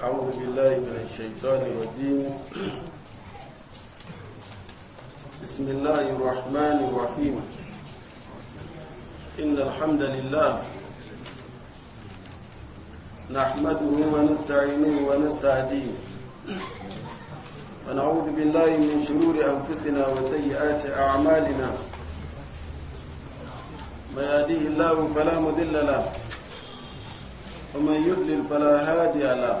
أعوذ بالله من الشيطان الرجيم بسم الله الرحمن الرحيم إن الحمد لله نحمده ونستعينه ونستهديه ونعوذ بالله من شرور أنفسنا وسيئات أعمالنا ما يهديه الله فلا مذل له ومن يضلل فلا هادي له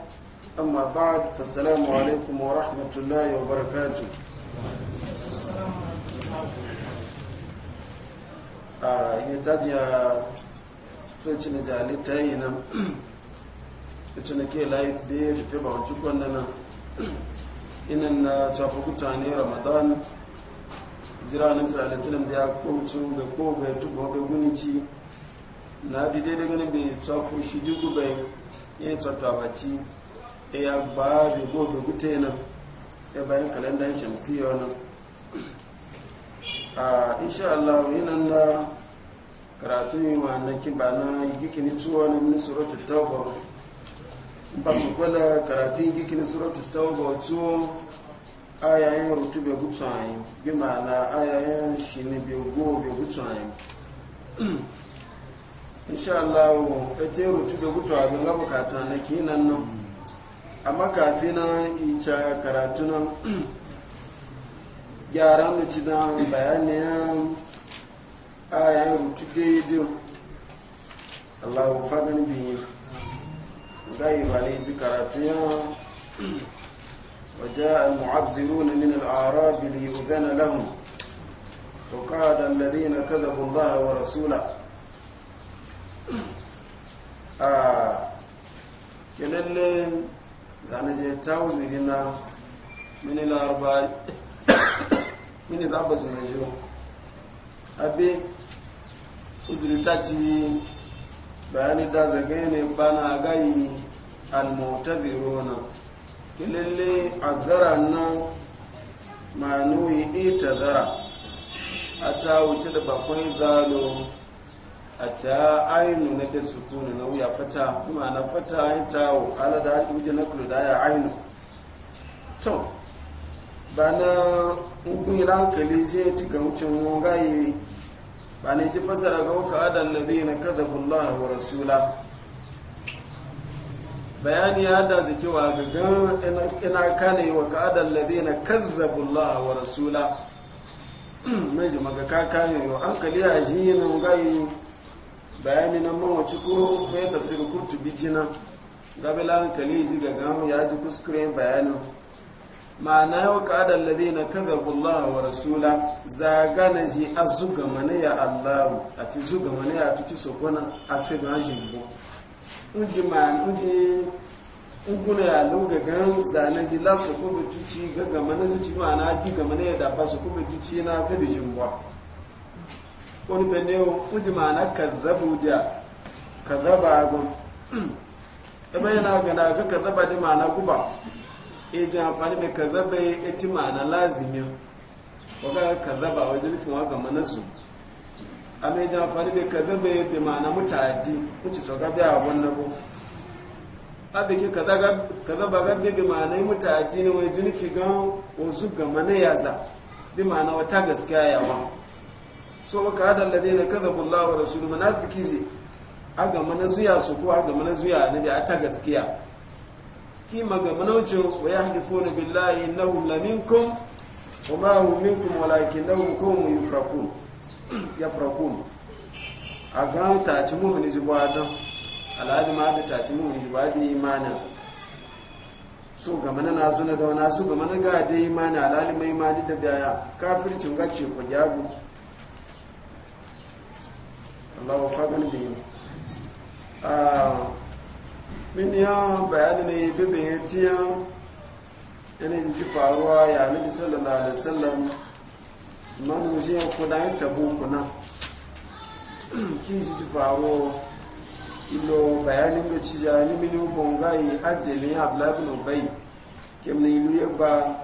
أما بعد فالسلام عليكم ورحمة الله وبركاته يتجي تشن جالي تاينا da كي لايف دي في بعض شكونا إن تشافوكتا ني رمضان jira na sallallahu alaihi da ya kowace da ko bai tuba bai gunici na dide daga ne bai tsafo shi dugu bai ya ya ba bi go go nan ya bayan kalandar shamsiyya wannan a ah, insha Allah yinan da karatu yi ma'anakin ba na gikini tsuwa na mini suratu tauba ba su kula karatu yi gikini suratu tauba tsuwa ayayen rutu bai gutsu bi bi ma'ana ayayen shi ne bai go gutsu ayi insha Allah ita rutu bai gutsu ga bukata na kinan nan a makafi na ita karatu nan gyara mace na bayaniyan ayan rutu daidai allahu fadin biyu ga ibali ji karatu ya wajen al-mu'abdiru na min al-arabi da yiwu gana lahun tauka da lari na kada bundaha wa rasula a ah, kenan zane je ta wuzuri na mini mini zaba su na jiwo abe wuzuri ta ci bayani da zage ne bana gayi almutaziro na kelalle azara nan ma nuyi ita zara a ta wuce da bakwai zalo a ta ainu na da sukunu na wuya fata kuma na fata ya tawo ala da haɗi wuje na kula da ya ainu to ba na ƙungiyar hankali zai ti ga wucin yi ba na ji fasara ga wuka na zai na kada bulla wa rasula bayani ya da kewa ga gan ina kane wa ka na zai na kada bulla wa rasula mai jima ga kakanin yau hankali a ji yana gaye bayani na mawaci ko mai tafsirin bi jina gabila hankali ji ga gamu ya ji kuskuren bayanin ma'ana yau kada lade na kada bullawa wa rasula zagana ji a zuga mana ya allahu a ti zuga mana ya tuci sokona a fi ma jimbo ji ma unji unguna ya luga gan zane ji la soko tuci ga gama na zuci ma'ana ji gama na ya dafa soko tuci na fi da jimbo wani benewo uji ma'ana kazzabu da kazzaba gun ɗaba yana gana ga kazzaba da ma'ana guba e ji amfani da kazzaba ya ti ma'ana lazimin waga kazzaba wajen nufin waga manasu amma ya ji amfani da kazzaba ya bi ma'ana mutaddi wuce tsoga biya abun na bu abin ki kazzaba ga bi ma'ana yi mutaji ne wajen nufin gan wasu ga mana yaza bi ma'ana wata gaskiya yawa so ka hada na kada Allah wa rasuluhu munafiki a gama na zuya su ko a gama na zuya na a ta gaskiya ki maga na wucin wa yahlifuna billahi innahum laminkum wa ma hum minkum mu ya yafraqun a aga ta ci mu'mini don al'adu ma da ta ci mu'mini da imanin so ga mana na zuna da wani su ga mana ga da imani alhadi mai imani da biya kafircin gace ko jagu Allah fagan da yi ah, min ya bayani ne bibin ya tiya yana ji faruwa ya nabi sallallahu alaihi wasallam man muje ya da yin tabu kuna kin ji faruwa ilo bayanin da ci ja ni mini bongai ajeli abdullah ibn ubay kemne ilu ya ba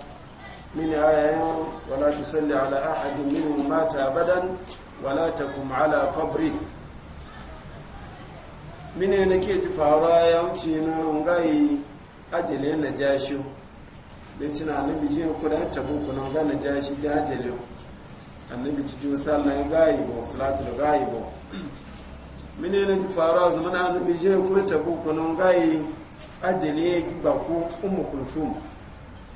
mini ayayan wala tusalli ala ahadin minhum mata abadan wala ta kuma ala qabri mine na ke ji faruwa ya wuce na ngai ajele na jashi bai cina annabi ji ku da tabu ku ga na jashi ji ajele annabi ci ji sallan gayi bo salatu da gayi bo mine ne ji faruwa zuma na annabi ji ku tabu kuna na ngai ajele ba ku umu kulfum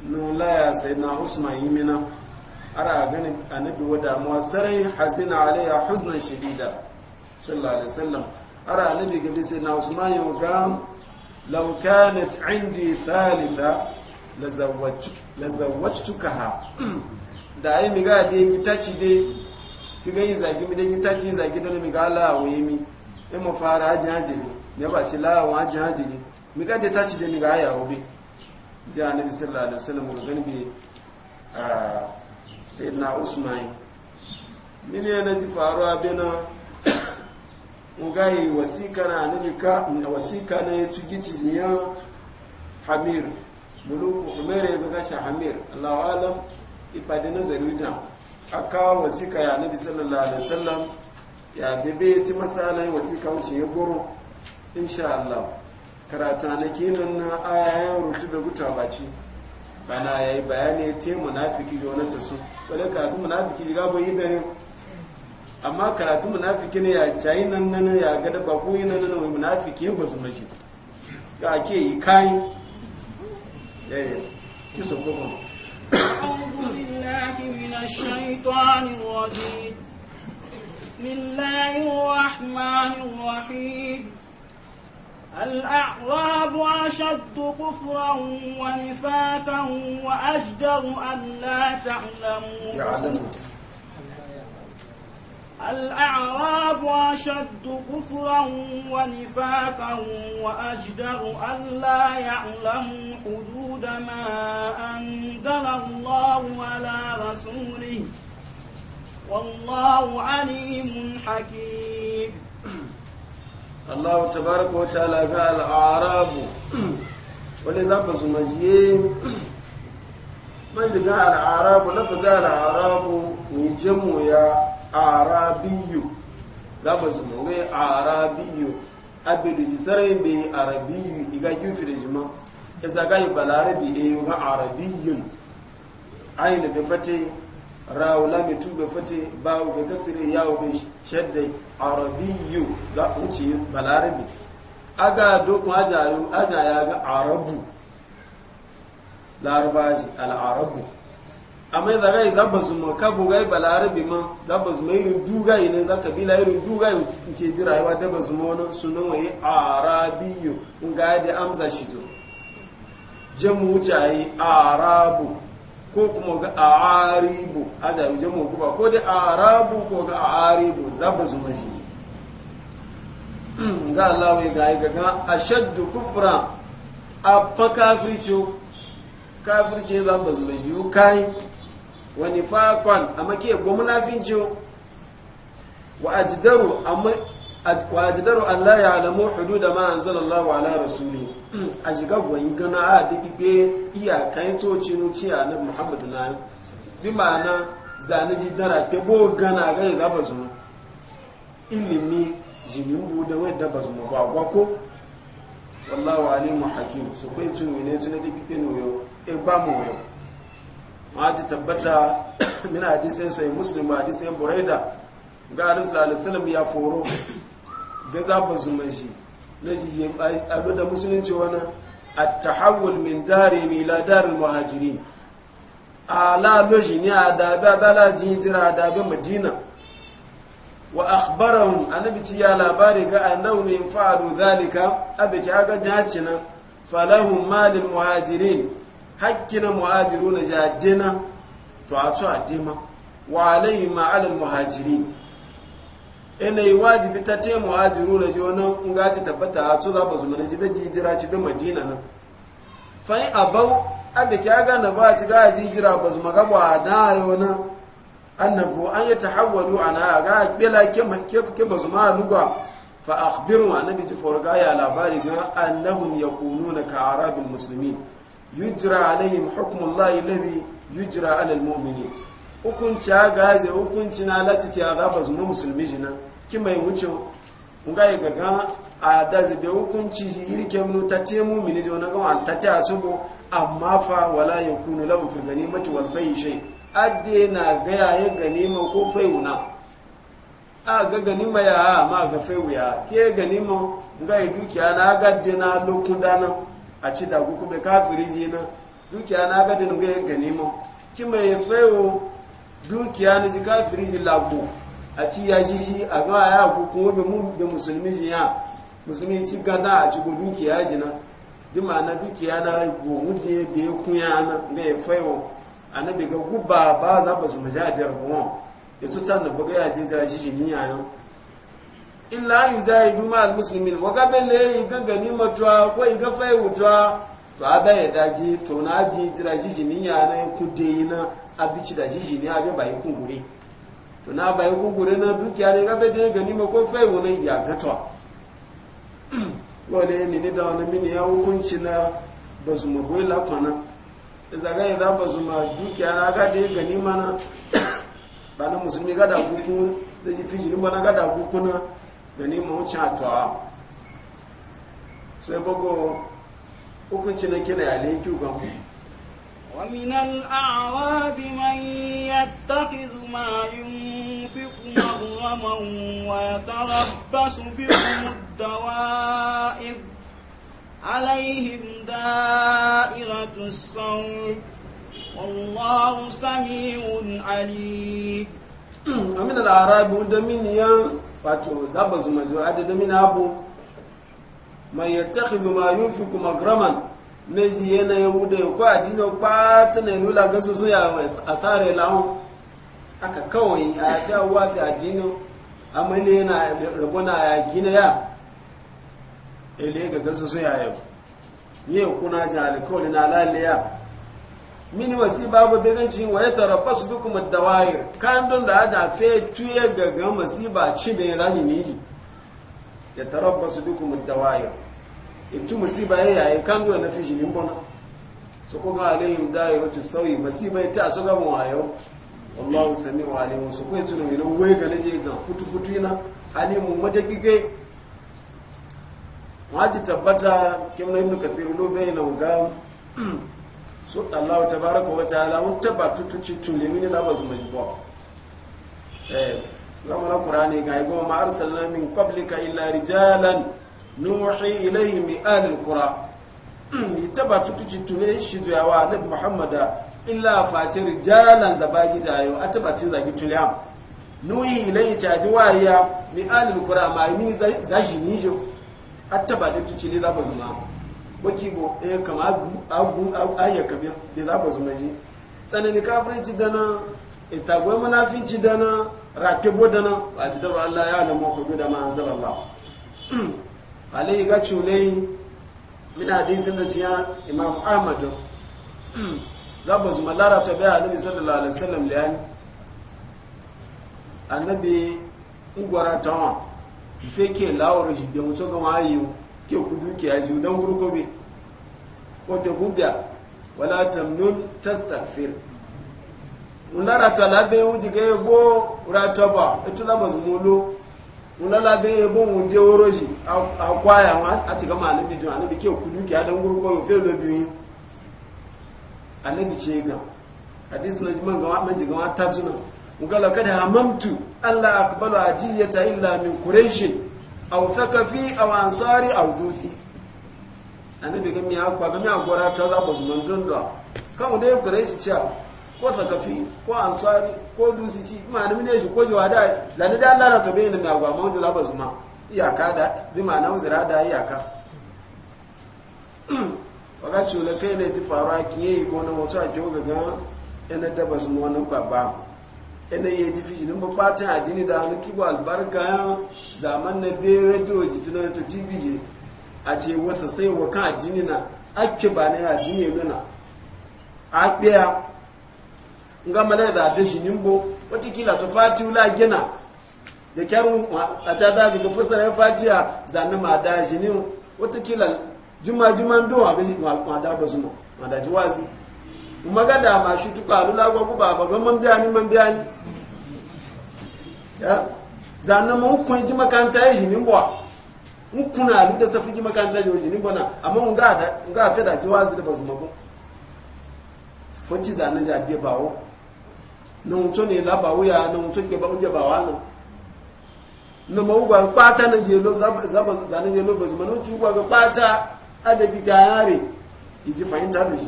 no laya sai na usman yi yimina ara ganin annabi wa damuwa sarai hazina alaiya huznan shadida sallallahu alaihi wasallam ara annabi gabi sai na usman yau ga law kanat indi thalitha la zawwajtukaha da ai mi ga dai gitaci dai ti ga zagi mi dai gitaci zagi dole mi ga la waye mi e mu fara haji haji ne ne ba ci la wa haji haji ne mi ga dai taci dai mi ga ya obi ji annabi sallallahu alaihi wasallam ga ganin bi a sai na usman mini yana ji faruwa bena ugayi wasika na anilika wasika na ya ci gici ya hamir muluku umar ya buga shi hamir allahu alam ifadi na zarujan kawo wasika ya nabi sallallahu alaihi wasallam ya bebe ya ci masalai wasika wuce ya goro insha allah karatu na kinan na ayayen rutu da gutu a baci bana ya yi bayani te munafiki ji wani tasu wadda karatu munafiki ji gabo yi gani amma karatu munafiki ne ya cayi nan nan ya gada ba ko yi nan nan munafiki ya gwazu mashi ga ake yi kayi yaya ki so ko kuma أعوذ الأعراب أشد كفرا ونفاقا وأجدر أن لا تعلموا الأعراب أشد كفرا ونفاقا وأجدر أن لا يعلموا حدود ما أنزل الله على رسوله والله عليم حكيم Allah tabaraka wa ta'ala ga al'arabu wani zaba su majiye man ga al'arabu na fi za al'arabu mai jamu ya arabiyu zaba su majiye arabiyu abidu ji sarai mai arabiyu iga yufi da jima ya sa zaga yi balarabi a e yi ga arabiyun ayi da bai fate rawula mai tu bai fate bawu bai kasire yawo bai shi shadda arabiyu za a ce balarabi aga dokun ajaya ga arabu larabaji al'arabu amma za ga zaba su ma ka bugai balarabi ma zaba su irin dugayi ne za kabila irin dugayi ce ji rayuwa daba su ma wani sunan waye arabiyu in ga da amza shi to jamu wuce a yi arabu ko kuma ga aribu ada yi jamo kuma ko da arabu ko ga aribu za ba zuma shi ga Allah wai ga ga ga ashaddu kufra a fa kafirci kafirci za ba zuma yi kai wani fakon amma ke gwamnafinci wa ajdaru amma wajidaru an la ya'lamu hududa ma anzalallahu ala rasuli a shiga gwan gana a dikibe iyakan toci nuci a nan muhammadu na bi ma'ana zane ji dara ke bo gana ga ya zaba zuma ilimi jimin buda wai daba zuma ba gwa ko wallahu alimu hakim su kai tun ne tun da dikibe noyo e ba mu yau ma ji tabbata min hadisin sai muslim hadisin buraida ga alisallallahu alaihi wasallam ya foro ga zaɓa zumanci na shi abu da musulunci wani a tahawul min dare mai ladarin mahajiri a laloji ne a daga balaji jira a daga madina wa akhbarahum annabi ci ya labari ga a naunin fa'adu zalika abiki aga jacina falahun malin muhajirin hakkina na jadina to a to adima wa alayhi ma muhajirin ina wajibi ta te jiru na jo nan in gaji tabbata a tsoza ba su mana jibe jijira ci madina nan fa'in abau abu kya gana ba ci gaji jijira ba su maga ba na yau nan annabu an yi ta hawalu a na ga bela ke ba su ma lugwa fa akhbiru annabi ji forga ya labari ga annahum na ka arabin muslimin yujra alaihim hukmullahi alladhi yujira alal mu'minin hukunci gaze hukunci na lati ce a gafas na musulmi jinan ki mai wuce nga yi gaga a da zabe hukunci iri ke ta te mu mini jona na an ta ce a tsubo amma fa wala ya kunu lahu fi ganimati walfai yi shai adde na ga ya ma ko wuna a ga gani ma ya ma ga wuya ke ma. nga yi dukiya na gadde na lokudana a ci da ku kuma kafiri zina dukiya na gadde na ga ma ki mai wu dukiya na ji kafiri ji labo a ci ya shi shi a ga ya ku kuma be mu be musulmi musulmi ci gada a ci go dukiya ji na duk ma'ana dukiya na go muje be kunya na ga ya fayo annabi ga guba ba za ba su mujadar go ya to da baga ya ji jira shi ni ya nan illa yujahidu ma almuslimin wa ga bele ga gani matwa ya daji to na ji jira shi ni ya na da shi ni abe to na bayan kukure na dukiya ne gabe da gani ma ko fai wani ya gatwa wale ni ni da wani mini ya hukunci na ba la magoyi lakwana zaga ya za ba ma dukiya na ga da gani mana ba na musulmi gada kuku da ji fijini ba na gada kuku na gani ma wuce atuwa sai bago hukunci na kina ya leki gan ومن الأعراب من يتخذ ما ينفق سقما ويتربص بكم الدوائر عليهم دائرة الصوم والله سميع عليم أمين الأعراب ودمينيا wato zaba zuma zuwa adadamin abu mai yattakhidhu ma ko adina ba ta ne lula gasu suya asare la'un Haka kawai a jawa a addinin amma ne yana rabona ya gina ya ele ga gasa su yaya yau yi kuna ji kawai na laliya mini wasi babu dagancin wa ya tarafa su duk madawayir kan don da aja fe tuye gaga masiba ci da ya zashi ne ya tara su duk madawayir itu masiba ya yayi kan don na fi shi nimbona su kuma alayhim dairatu sauyi masi ya ta a tsoga mu yau wallahu sami wa alimu su kai tuna mai nan wai ga naje ga kutu-kutu na alimu madagige waji tabbata kim na ibnu kathir lobe na ga su Allah tabaraka wa ta'ala mun tabbatu tuci tunle mini da ba su mai ba eh zama na qur'ani ga ga ma arsalna min qablika illa rijalan nuhi ilayhim min ahli yi tabbatu tuci tunle shi zuwa nabi illa face jalan zabagi zayo a tabbatin zagi tuliyam nuyi ilayhi caji waya ni alil qura ma ni zaji nijo a tabbatin tuci ne zaba zuma boki bo e kama agun ayya kabir ne zaba zuma ji tsanani ci dana itagwai ci dana rakibo dana a ji daura Allah ya alamu hudu da ma'anzar Allah alayhi ga culai min hadisin da ciya imam ahmadu zaba su malara ta bai annabi sallallahu alaihi wasallam da yani annabi ungwara tawa fe ke lawar shi da mutu ga mayu ke kudu ke aji dan guru kobe ko to gubya wala tamnun tastaghfir mulara ta labe wuji ga yebo rataba ito zaba su mulo mulara be yebo mun je woroji akwaya wan a ci ga malabi jin annabi ke kudu ke dan guru kobe fe lobi annabi ce ga hadis na jiman gama maji gama ta tuna ngala kada hamamtu allah akbalu ajiyata illa min quraish aw thaqafi aw ansari aw dusi annabi ga mi akwa ga mi agora ta za ko zuman a, kan da quraish ce ko thaqafi ko ansari ko dusi ci ma na mine shi ko jiwa da lani da allah na to bayin mi agwa ma za ba zuma iyaka da bi ma na uzira da iyaka wakati wula kai ne ti faruwa kin yi gona wato a kyau gaga ina daba su wani babba ina yi ji fi ba batin adini da hannu kibo albarka zaman na be radio na to tv a ce wasa sai wa kan adini na ake ba na adini nuna a ɓiya nga mana da da shi nimbo kila to fati wula gina da kyarun a ta da daga fasara fatiya zanen ma da shi ne kila. juma juma ndo abe ji wal bazuma mada juwazi umaga ma shutu ka lula gwa ku baba ga man biani man biani ya zanna mu kun ji makanta yi ni mbwa mu kuna lu da safu ji makanta yi ni mbona amma mun ga da mun fe da juwazi da bazuma ko foci zanna ja de bawo non to ne la bawo ya non to ke bawo je bawa no na mawugwa kwata na je lo zaba zaba zanna je lo bazuma no chugwa ga kwata adabi ahari iji fahimta da shi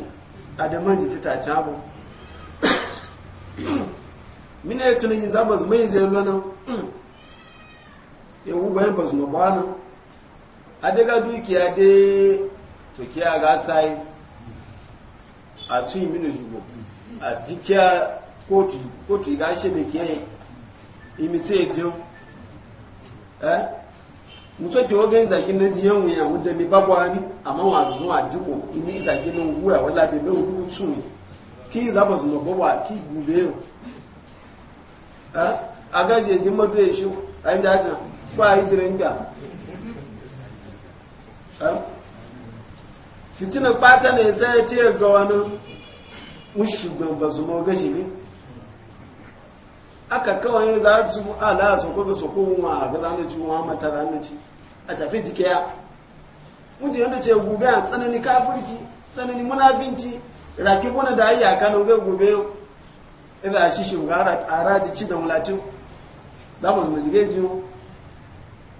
adaman ji fita ci abu mina ya tunan za ba su mai zai lona ya wu bayan ba su ma bana adaga dukiya dai to ga sai a tun mini jugo a dikiya kotu kotu ga shi da kiyaye imite jin eh mutu ke waga zaki na jiyan wuya wadda mi babuwa ni amma wa zuwa jiko imi zaki na wuya wala bebe wudu cun ki zaba zuwa babuwa ki gube yau a gaje jin madu ya shi a yi jaja ko a yi jiran ga fitinan ɓata ne sai ya ce ga wani mushigan ba zuwa gashi ne aka kawai za su ala su kuka su kuma a ga za mu ci wa mata za ci a tafi jike ya muji yanda ce gube a tsanani kafirci tsanani munafinci raki kuna da a kano ga gube idan shi gara a radici da mulatin za mu zuwa jige jiyo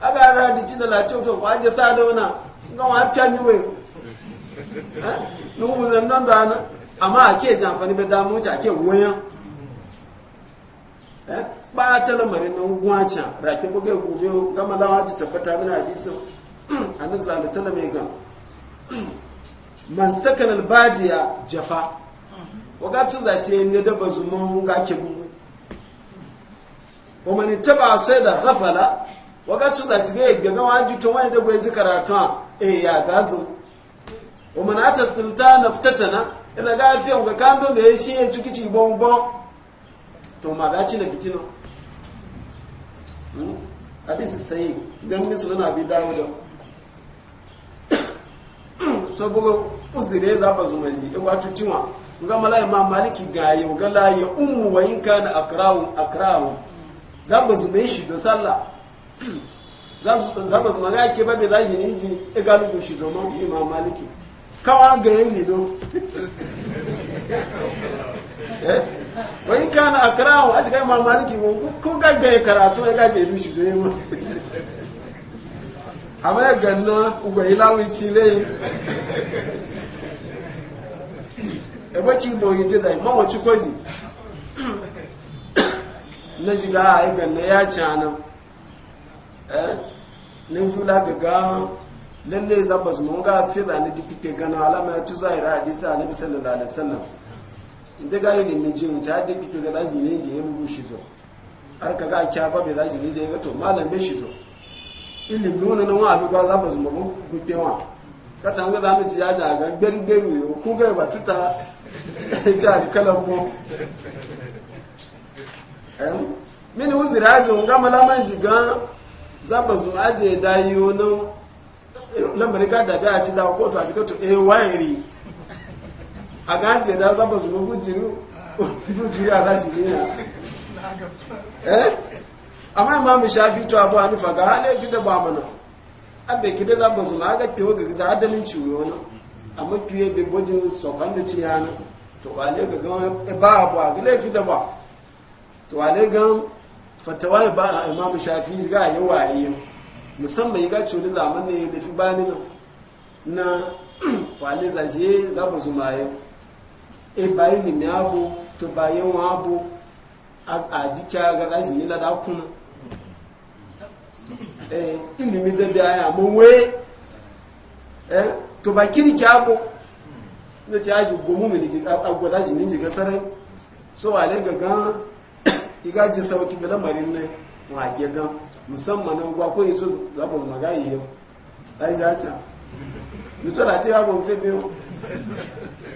a ga radici da latin to ba je sa da wana ga wa fiya ni we eh? nu mu zan nan da amma ake jamfani bai da mu ake wuyan Eh? ba ta lamarin nan gwanca rakin buga ya gobe gama lawa ta tabbata min hadisin annabi sallallahu alaihi wasallam ya gan man sakan albadiya jafa waga tun zace ne da bazuman ga ke gugu wa man taba sai da ghafala waga tun zace ga ga gama ji to wani da bai ji karatu e ya gazu wa man ata sultana ftatana ina ga fiye ga kando da shi ya ciki ci bonbon to ma ba ci da fitina hmm? hadisi sai gamin na bi dawud so bugo uzire za ba zuma ji e wato tiwa ga malai ma maliki ga yi ga la ya ummu wa in kana akrawu akrawu za ba zuma shi da sallah za ba zuma ga ke ba be za shi ne ji e ga lu shi zuma bi ma maliki kawa ga yin lido wani kana a karawo a cikin mamaliki ko ya karatu ya gaje ilu shi zai ma amma ya ganna ugba ilawi cile ebe ki yi yite da ma wace kwaji na jiga a yi ganna ya ci anan eh nin fula ga lalle zabas mun ga fi da ni dikite gana alama ya tu zahira hadisi annabi sallallahu alaihi wasallam inda ga yin min jin ta da fito ga zaji ne je shi zo har ka ga kya ba bai zaji ne je ga to malam bai shi zo ilimi wannan nan wa ba za ba zuma mu gubewa ka tan ga zamu ci ya da ga yo ga ba tuta ta da kalan em min wuzira ga malaman shi ga za ba aje nan lamarin ka da ga ci da ko to a ci to eh a gaje da zaba zuwa bujiru bujiru a zashi ne eh amma imam shafi to abu hanifa ga halafi da ba mana abe kide zaba zuwa ga tewa ga za adalin ciwo wani amma kiye be bojin sokan da ci yana to wale ga ga e ba abu a laifi da ba to wale ga fatawa ba imam shafi ga yawa yi musamman ga ciwo da zaman ne da fi bani na wale zaje zaba zuwa yau e bayi ni abo to bayi wọn abo ajikia gada shi ni lada kun eh ilimi dabi aya mo we eh to ba kirki abo ne ti aji gomu mi ni agwada shi ni jiga sarai so ale gaga iga ji sauki bela marin ne mu age gan musamman gwa ko yiso zaba yi yau ai dacha ni to da ti abo fe be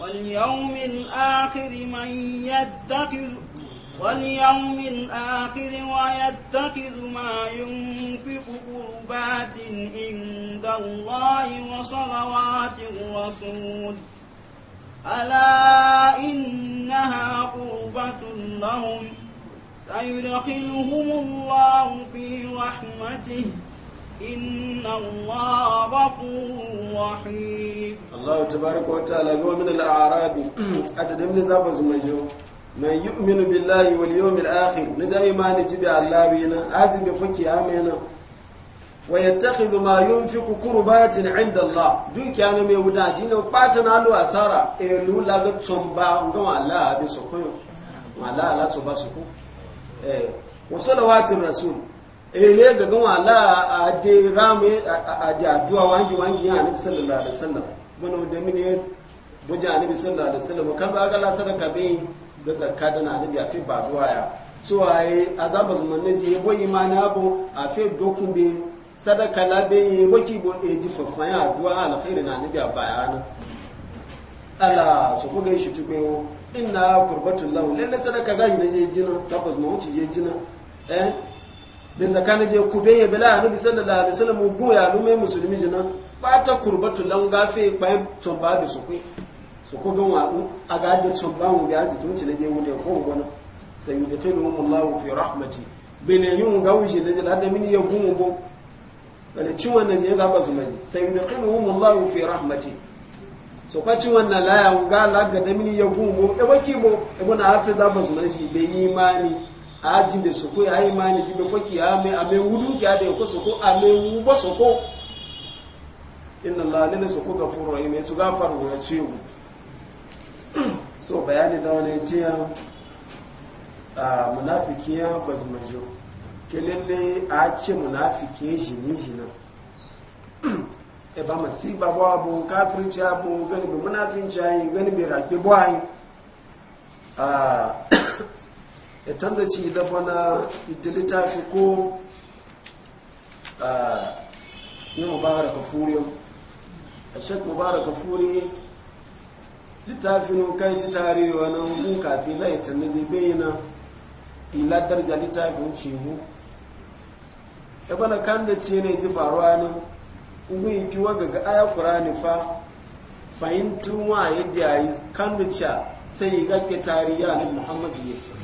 واليوم الآخر من يتخذ واليوم الآخر ويتخذ ما ينفق قربات عند الله وصلوات الرسول ألا إنها قربة لهم سيدخلهم الله في رحمته Allah ta bari ko ta lagu wa minal arabi a da dami zafi su mai yi wa mai yi minu bin layi wa liyo mil ahi yi ma ni ji bi Allah na a ji bi fuki ya mai na wa yi ta ƙi zuma yi kukuru ba ya ci na inda Allah dukiya na mai wuda ji na ɓata na luwa tsara e lu lagu tun ba ga wa Allah abin su kuyo ma watin rasulu ele ga gan wala a de rame a de addu'a wangi wangi ya annabi sallallahu alaihi wasallam mana da mini buja annabi sallallahu alaihi wasallam kan ba ga la sadaka be ga zakka da na annabi a fi ba duwa ya so ai azaba zuman ne je bo imani abu a fi dokun be sadaka la be ye. waki bo e ji fafa ya addu'a alkhairi na annabi a bayana ala so ko ga shi tubewo inna qurbatullahi lalle sadaka ga ne je jina tabbas mu ci je jina eh da tsakanin je kube ya bela annabi sallallahu alaihi wasallam go ya lumai musulmi jinan ba ta kurbatu lan gafe bai tsomba da su su ko gan wadu a ga da tsomba mu ga azu tun cile je mu da ko gona sai da kailu Allahu fi rahmati bene yun ga wuce da jala da mini ya gumu bo bale ci wannan je ga ba su mai sai da kailu Allahu fi rahmati so kwaci wannan la ya ga la ga da mini ya gumu bo e baki bo e bana hafiza ba su mai shi bai imani ajin da soko ya yi ne jibe faki ame ame wudu ki ade ko soko ame wubo soko inna allaha ne soko gafuru rahim ya tuga faru ya ciwo so bayani da wani tiya a ah, munafiki ya bazmajo kelele a ce munafiki shi ni shi na e ba masiba bo abu kafirci abu gani bi munafinci ayi gani bi rakbi bo ayi ya ci da na ita littafi ko a ah, yi mubaraka furi a shek mubarak furi littafin kai ci tare wani hukun kafin na ita na zai bayyana ila darja littafin cihu ya bana kan da ce ne ji faruwa nan ugun yi kiwa ga aya kurani fa fahimtun wa yadda ya yi kan da ca sai yi gake tarihi a muhammadu yake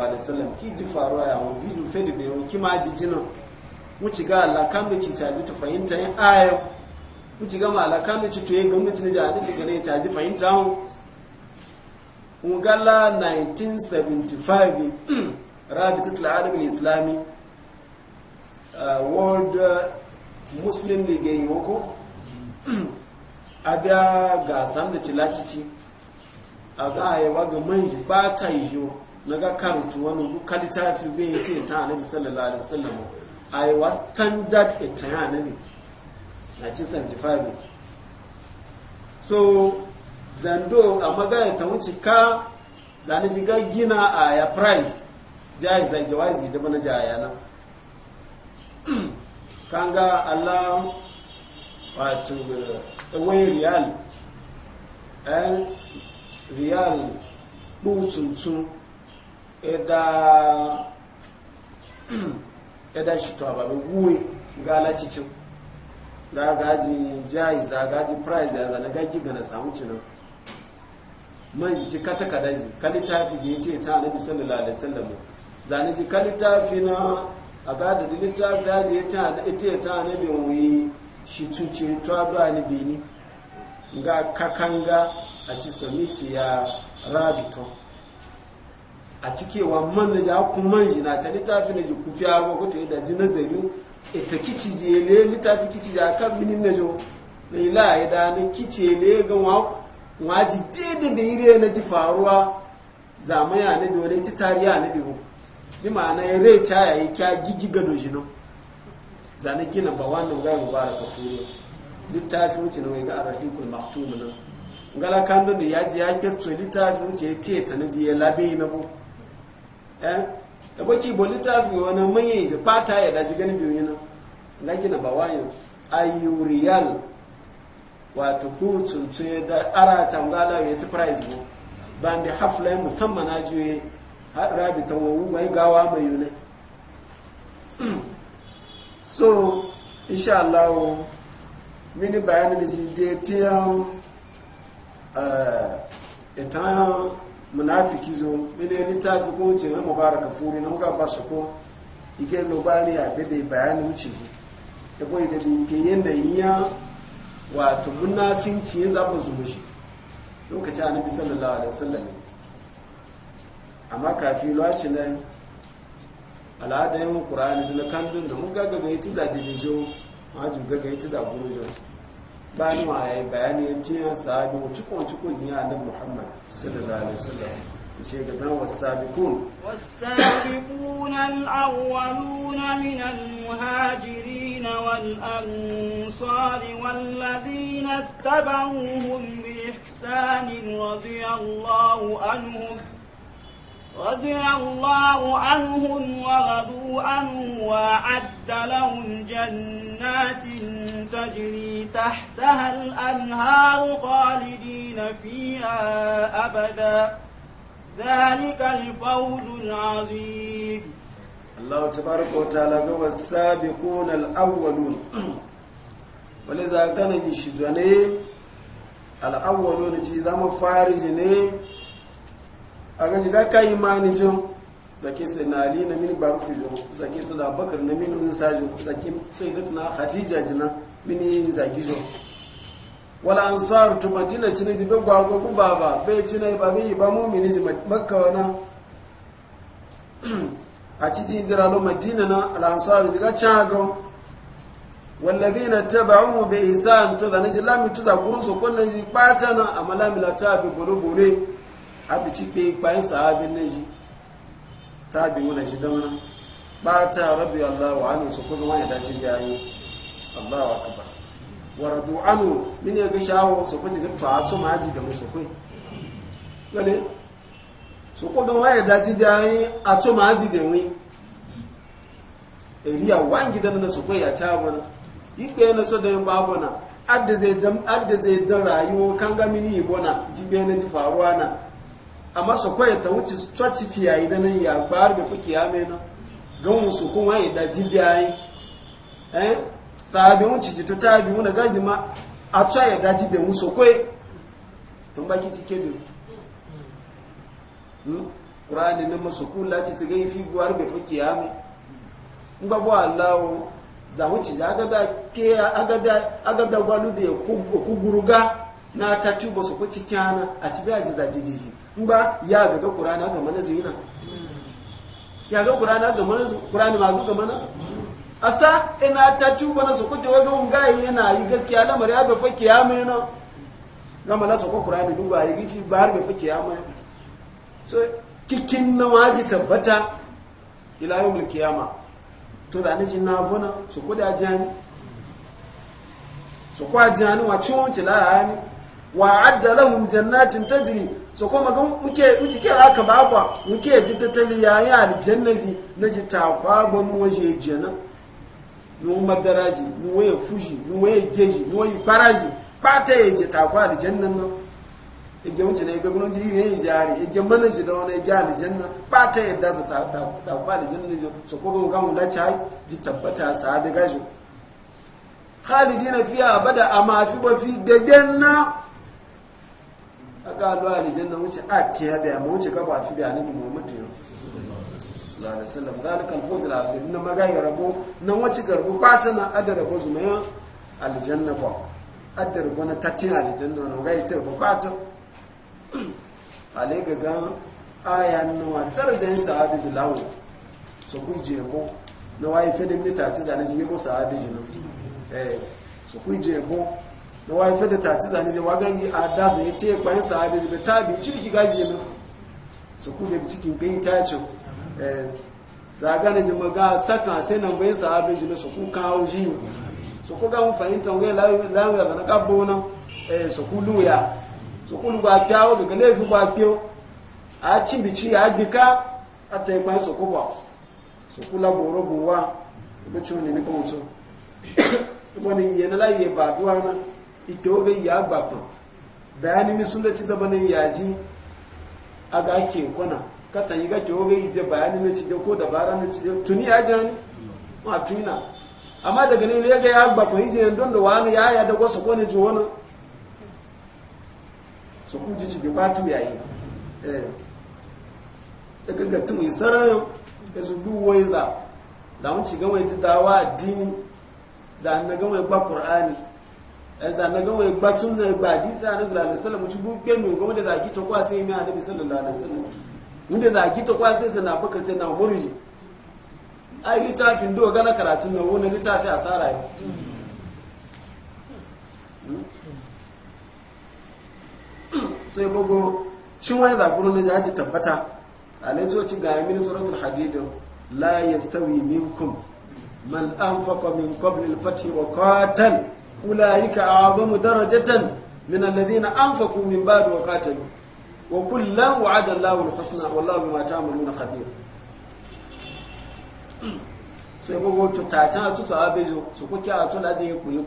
sallallahu alaihi wasallam ki ji faruwa ya wani vidu fedi bai wani kima jijina wuci ga Allah kan da ci caji ta fahimta yin ayo wuci ga ma Allah kan da ci tuye gamba ci da hadin daga ne caji fahimta hu ungala 1975 rabitatul alam islami uh, world uh, muslim league yi wako abia ga sam da ci cilacici a ga ayewa ga manji ba ta yi yiwu na ga karutu wani duka fi bai yi ce ta anabi sallallahu alaihi wasallam a wa standard ita ya anabi 1975 so zando a magaya ta wuce ka zane shi ga gina a ya price jayi zai zai dama na jaya nan kan ga allah wato wani riyal eh, riyal ɗu tuntun eda eda shi to ba guwe ga lacicin da gaji jai, za gaji price ya zana gaji ga na samu cinan man ji kata kada ji kali tafi ji ce ta annabi sallallahu alaihi wasallam zani ji kali fi na a ga da littafi ya ji ta ita ta annabi wuyi shi tuce to adwa ni bini ga kakanga a ci samiti ya rabito a cikewa man na ja ku man ji na ta littafi na ji ku fi abu ko to da ji nazari ita kici je le littafi kici ja kan minin na jo na ila ya da na kici le ga wa wa ji dede da ire na ji faruwa zamaya ne dole ita tariya ne bi bi ma'ana ya re ta yayi kya ga do jino zane gina ba wannan ga mubaraka furu littafi wuce na wai ga arahikul maktum na ngala kando da yaji ya ketso littafi wuce ya teta na ji ya labe na bu eh da baki bo littafi wani manyan ji fata ya daji ganin biyu yana lagi na ba wayan ayyuriyal wato ku tsuntsuye da ara tangala ya ti prize bo ban da hafla musamman na juye rabi ta wawu mai gawa mai yune so insha Allah mini bayanin da shi dai munafiki zo mene ni ta fi ko ce mai mubaraka furi nan ga ba su ko ike no ba ni a bebe bayani wuce da boye da bi ke yanda yiya wato munafinci yin zaba zuwa shi lokacin annabi sallallahu alaihi wasallam amma kafi lwaci ne al'ada yin qur'ani da kandun da mun ga ga yi tiza da jo ma ju ga ga yi tiza guru jo bani ma yayi bayani ya ce ya sahabi wa cikin kun cikin ya annabi Muhammad sallallahu alaihi wasallam ce ga dan wasabiqun wasabiqun al-awwalun min al-muhajirin wal ansar wal ladina ittaba'uhum bi ihsan radiyallahu anhum رضي الله عنهم ورضوا عنه وأعد لهم جنات تجري تحتها الأنهار خالدين فيها أبدا ذلك الفوز العظيم الله تبارك وتعالى هو السابقون الأولون ولذا كان يشيزوني الأولون تيزام فارجني agani da ka yi mani jin zake sai na ali na mini baru fi jin zake sai da bakar na mini musa jin zake sai da tuna khadija jina mini zaki jin wala ansar to madina cini zibe gwago ku baba be cini ba bi ba mu mini ji makka wana a cikin jiralo madina na al ansar diga chago wallazina tabahu bi ihsan to zanaji lami to za gurusu kunna ji patana amala milata bi bore bore haɓe ci pe kpayin sahabi na ji tabi wula shi dauna ba ta rabi Allah wa anu su kuma wani dace yayi Allah wa akbar wa radu anu min ya ga shawo su kuma ga fa su ma ji da musu kai gane su kuma wani dace yayi a su ma da wi eriya wangi da na su kai ya ta mana ikpe na so da babu na adda zai dan adda zai dan rayuwa kan ga mini ibona jibe na ji faruwa na amma su kwaye ta wuce tsoci ya yi da nan ya bayar da fuki ya mena gan musu kuma eh? ya da jibi ya yi eh sahabi ta wuna gaji ma a tsa ya da jibi musu kwaye tun baki da ƙurani hmm? na masu kula ce ta gai fi buwar da fuki ya mai in allawo za wuce da agada da ya kuguruga na su kwa cikin ana a ci biya ji ba ya ga ga qur'ana ga mana zuina ya ga ƙurana ga mana qur'ani ma ga mana asa ina ta cuba na su kuje wajen ungayi yana yi gaskiya lamar ya bafa kiyama na gama na sako kurani duba yi gifi ba har bafa kiyama mai so kikin na waji tabbata ilayen yau mul kiyama to da nijin na vuna su kuda jani su kwa ajani wa ciwon ci wa adda lahum jannatin tajiri so kuma ga muke muke aka bakwa muke ji tattali yayin aljannazi na ji takwa gwanu waje jana nu madaraji nu waye fuji nu waye geji nu waye faraji ta ya ji takwa aljannan nan igye wuce na igye gudun jiri ne jari igye mana ji da wani igye aljanna bata ya dasa takwa aljannan ji so kuma ga da chai ji tabbata sa da gaji khalidina fiya abada amma fi ba fi na aka alwa alijanna wuce a ah, ce ya ma wuce gaba fi da annabi muhammadu ya sallallahu alaihi wasallam zalika alfawz alazim nan maga ya rabo na wace garbu kwata nan adda rabo zumaya na ba adda rabo na tatin alijanna nan ga ita rabo kwata ale ga ga aya nawa darajar sahabi dilawo so ku je ko na wayi fedin mita ci zane ji ko sahabi jinu eh so ku je ko na wa ife da taci zane je wagan yi a da zai te kwayin sahabi be tabi cirki gaji ne su ku be cikin bin taci eh zaga ne je maga satan sai nan bayin sahabi je su ku kawo ji su ku ga mu fahimta wai lawo da na kabbo na eh su ku luya su ku lu ba kyawo daga lefi ba kyo a cin bici a gbika a ta yi kwayin su ku ba su ku laboro buwa ga cin ne ni kawo so wani yana layi ba duwa na ito ga ya gbakwa bayani mi sun da ci yaji a ga ke kwana katsa yi gake ke oge yi da bayani na ci da ko dabara na ci tuni ya ji hannu ma tuna amma daga ne ya ga ya gbakwa yi jiyan don da wani ya yada da wasu kone ji wani su kuji ci bi kwatu yayi eh daga ga tun sarar da su duwa ya za da mun ci gama ya ji dawa addini za na gama ya ba qur'ani zanaga wai basun sunna ba hadisi a nasara da sallama ci gugbe mu ga wanda zaki ta kwasa yi mai annabi sallallahu alaihi wasallam wanda zaki ta kwasa sai na bakar sai na murji ai litafin do gana karatun na wani litafi a sara ne sai bugu shi wani zakuru na jaji tabbata a lantoci ga yamin suratul hadidin la yastawi minkum man anfaqa min qabl al-fath wa qatal أولئك أعظم darajatan من الذين أنفقوا من بعد وقاتلوا وكل wa kullan wa'ada Allahu al-husna wallahu bima gbogbo tutacin atu sahabe jo su kuke atu laje yi kuyi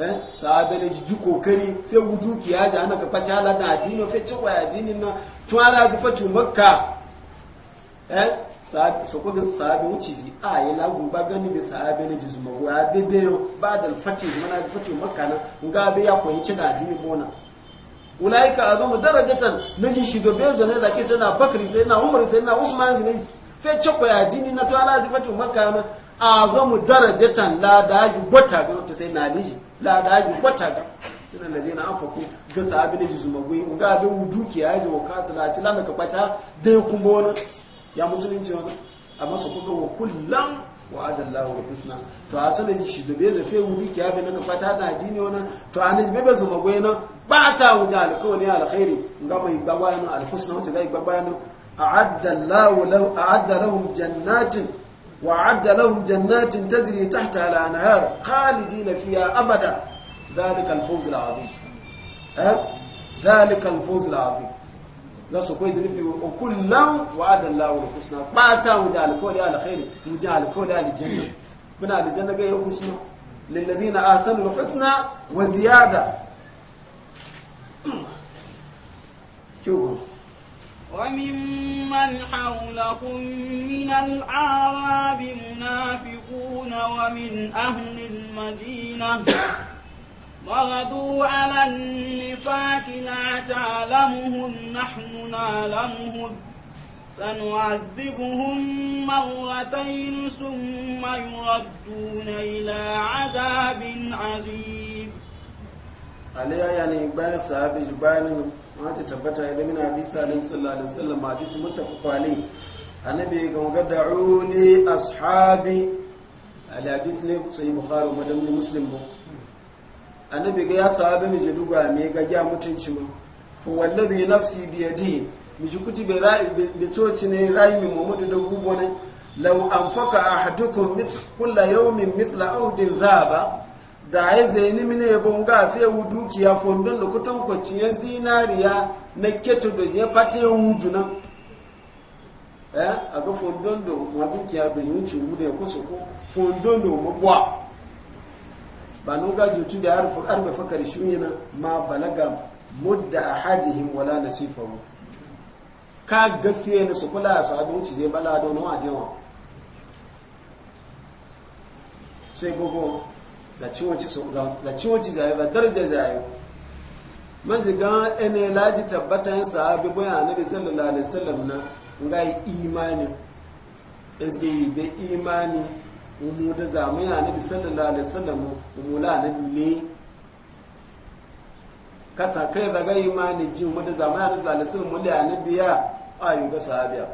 eh sahabe le ju kokari fe wudu ki ya ka facha la da fe ci adini na tuala ji fa makka eh sokoga sahabi wuce fi a yi lagun ba gani da sahabi na jizuma wa bebe ba da fati mana makana ga be koyi ci da jini bona ulaika azamu darajatan naji shi do be zo ne zaki sai na bakri sai na umar sai na usman ne fe choko a jini na to ala a fati makana bota ga to sai na bota na ya ji wakatula ci lan ka kwata dai kuma wani يا مسلم جوا اما سوكو و كلم وعد الله الحسنى تو اصل شي دبي له في وري كابي نك فتا دا ديني وانا تو انا بيبي سو مغوينا باتا وجال كوني على خير غبا يبابا انا الحسنى تو جاي بابا انا اعد الله لو اعد لهم جنات وعد لهم جنات تجري تحتها الانهار خالدين فيها ابدا ذلك الفوز العظيم ذلك الفوز العظيم za su koyi dunufi wa kullum wa'ada Allah wa bata wuce alkawari alkhairi wuce alkawari aljanna muna aljanna ga yau husna na asanu husna wa ziyada حولكم من منافقون ومن أهل المدينة وغدوا على النفاق لا تعلمهم نحن نعلمهم فنعذبهم مرتين ثم يردون إلى عذاب عظيم عليا يعني بان صحابي جبان ما تتبتع إلى من حديث عليه صلى الله عليه وسلم حديث متفق عليه annabi ga ga da'uni ashabi al hadis ne sai bukhari wa annabi ga ya sahabe mi jiluga me ga ya mutunci mu fa wallazi nafsi bi yadi mi jukuti be ra'i be toci ne ra'i mi muhammadu da gubo ne law anfaka ahadukum mithl kull yawmin mithla awdin dhaba da ya zaini mine ya bonga fiye dukiya fondon da kutan kwaci ya zinariya na keto da ya fata ya wudu nan eh a ga fondon da ma dukiya da ya wuce wudu ya kusa ko fondon da mu bwa ba nuga jutun da har fukar mai fakar shi ne ma balaga mudda ahadihim wala nasifahu ka gafiye na su kula su abin ci zai bala don wa jewa sai gogo za ciwonci za ciwonci zai ba daraja zai man gan ene laji tabbatan sahabi na bi sallallahu alaihi wasallam na ngai imani ezi be imani umu da zamani a nabi sallallahu alaihi wasallam umu la nabi ne kata kai da ga imani ji umu da zamani a sallallahu alaihi wasallam mu la nabi ya ayu ga sahabiya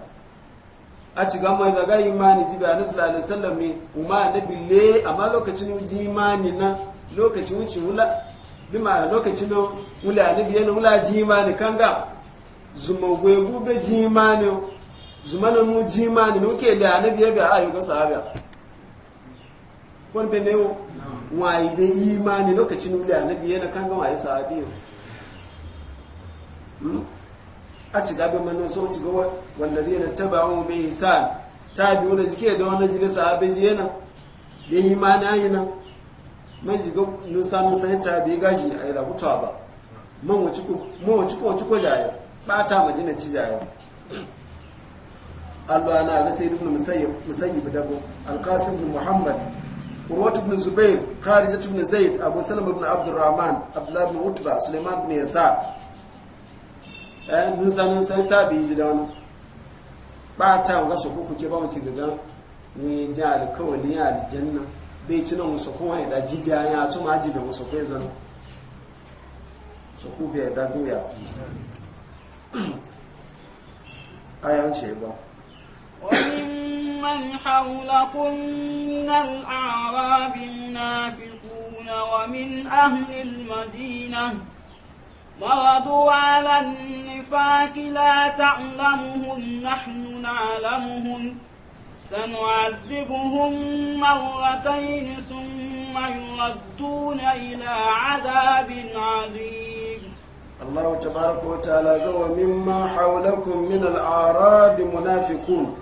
a ci gama da ga imani ji ba nabi sallallahu alaihi wasallam umu umma nabi le amma lokacin ji imani na lokacin wuce wula bima lokacin wula nabi ya wula ji imani kanga zuma gwegu be ji imani zuma na mu ji imani ne kuke da nabi ya bi ayu ga sahabiya wani bai newo wayi bai yi imani lokacin da annabi yana kan gama ya sahabi a ci gabe manan so ci ga wanda zai na taba mu bai ihsan ta bi wani jike da wani jini sahabi yana bai yi imani yi nan man ji ga nun samun sai ta bi gaji a yi rabuta ba man wace ko man wace ko wace ko jaye ci jaye Allah na ga sai ibn musayyib musayyib dabo alqasim bin muhammad urwat ibn zubair kharijat ibn zaid abu salama ibn abdurrahman abdullah ibn utba suleiman ibn yasa eh mun san mun san tabi gidan wani ba ta ga su ku kuke ba mu ci gaga ni ja alkawali ya aljanna bai ci nan su kuma daji jibiya ya su ma jibiya musu kai zan su ku bai da duya ayan ce ba wa من حولكم من الأعراب النافقون ومن أهل المدينة مردوا على النفاق لا تعلمهم نحن نعلمهم سنعذبهم مرتين ثم يردون إلى عذاب عظيم الله تبارك وتعالى ومما حولكم من الأعراب منافقون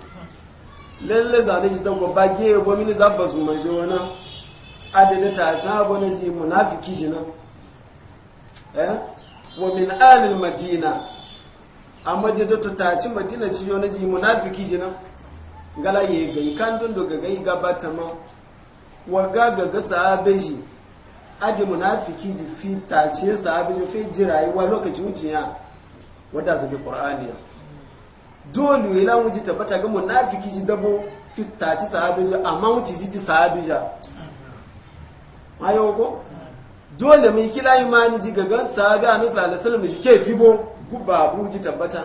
lalle zane ji tango ba ge yabo mini zabba su mai zo wani adada ta ta wani ji munafiki ji nan eh wa min alil madina amma da ta ta ci madina ci na ji munafiki ji nan eh? gala ye gai kan dun daga gai ta ma wa ga ga ga sahabe ji adi munafiki ji fi ta ce sahabe ji fi ji rayuwa lokacin ya wadda su bi qur'aniya dole yana ji tabbata ga munafiki ji dabo fitaci sahabija amma wuce ji ji sahabija ayo ko dole mai kila imani ji gan sahabi a nusra alisalam ji ke fibo gubba abu ji tabbata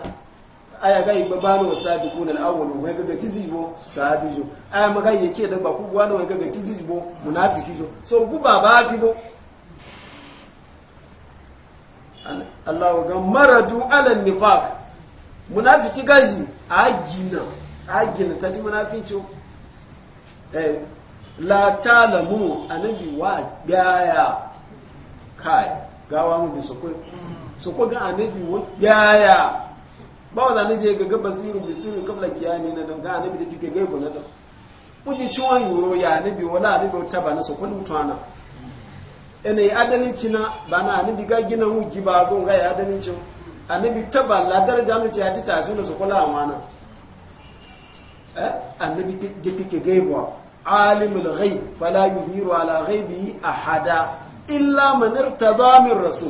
aya ga iba bano wa sahabi kuna al'awwal wai gaga ci zibo sahabi jo aya maga yake da ba kubuwa na wai gaga ci zibo munafiki jo so gubba ba fibo Allah ga maradu alal nifaq munafiki gazi a gina a gina ta ti munafici eh la talamu anabi wa gaya kai gawa mu biso ko so ko ga anabi wa gaya ba wa zane je ga basiru bisiru kabla kiyami na dan ga anabi da kike gaibo na dan kuji ciwon yoro ya anabi wala anabi ta ba na so ko mutana ene adalci na ba na anabi ga gina mu giba gon ya adalicin annabi taba la daraja mu ce ya tita sun su kula amana eh annabi dikike gaibo alimul ghaib fala yi yuhiru ala ghaibihi ahada illa man irtada min rasu.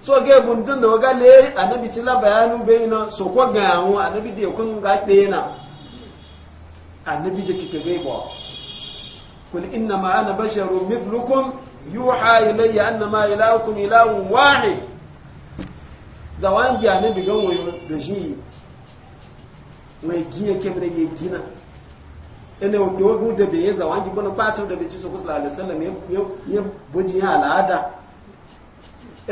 so ge bundun da waga le annabi ci la bayanu bayina so ko ga yawo annabi da kun ga bayina annabi dikike gaibo kul inna ma ana basharun mithlukum yuha ilayya annama ilahukum ilahun wahid zawangi a bigan wayo da shi mai giya ke ya gina ina wanda wagu da bai yi zawangi bana fatan da bai ci sokusu da alisallam ya buji ya al'ada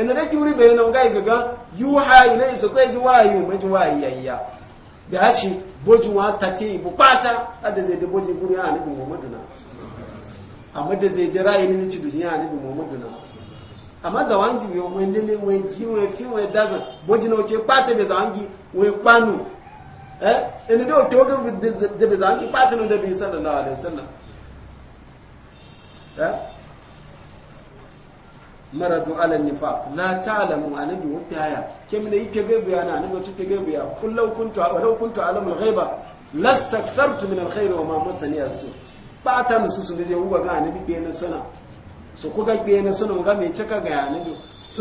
ina da kiwuri bai yana gai gaga yi ha ina isa kwa ji wa maji wayo yayya da ya ce boji wa ta ce bu fata hada zai da boji kuri ya nabi muhammadu na amma da zai da ra'ayi ne ci duniya nabi muhammadu na amma zawangi wen lele wen ji wen fi wen dazan boji na oke pati be zawangi wen kwanu eh ene do to ga de be zawangi pate no da bi sallallahu alaihi na eh maradu ala nifaq la ta'lamu anabi wutaya kemne yake gabiya na anabi tuke gabiya kullu kuntu walau kuntu alamul ghaiba lastakthartu min alkhair wa ma masani asu pata nususu be zai uba ga anabi be na sana so ko ga gbe na sunan ga me caka ga yana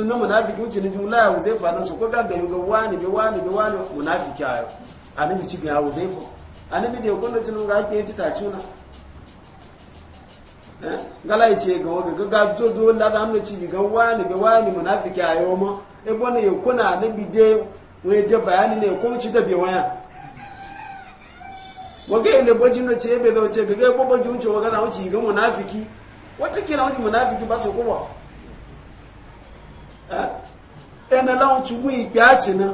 na munafiki wuce ne jumla ya zaifa na so ko ga ga ga wani wani wani munafiki ayo annabi eh, ci ga na ga ke ci ta ya eh gala yace ga ga ga la da amma ci ga wani wani munafiki ayo e na yakuna annabi de we de bayani ne ko ci da be waya wage ne bojin no ce be ga ce ga bojin ce waga na wuce ga munafiki watakila wati munafiki ba su kuma ẹna láwọn tukú ìgbàtí na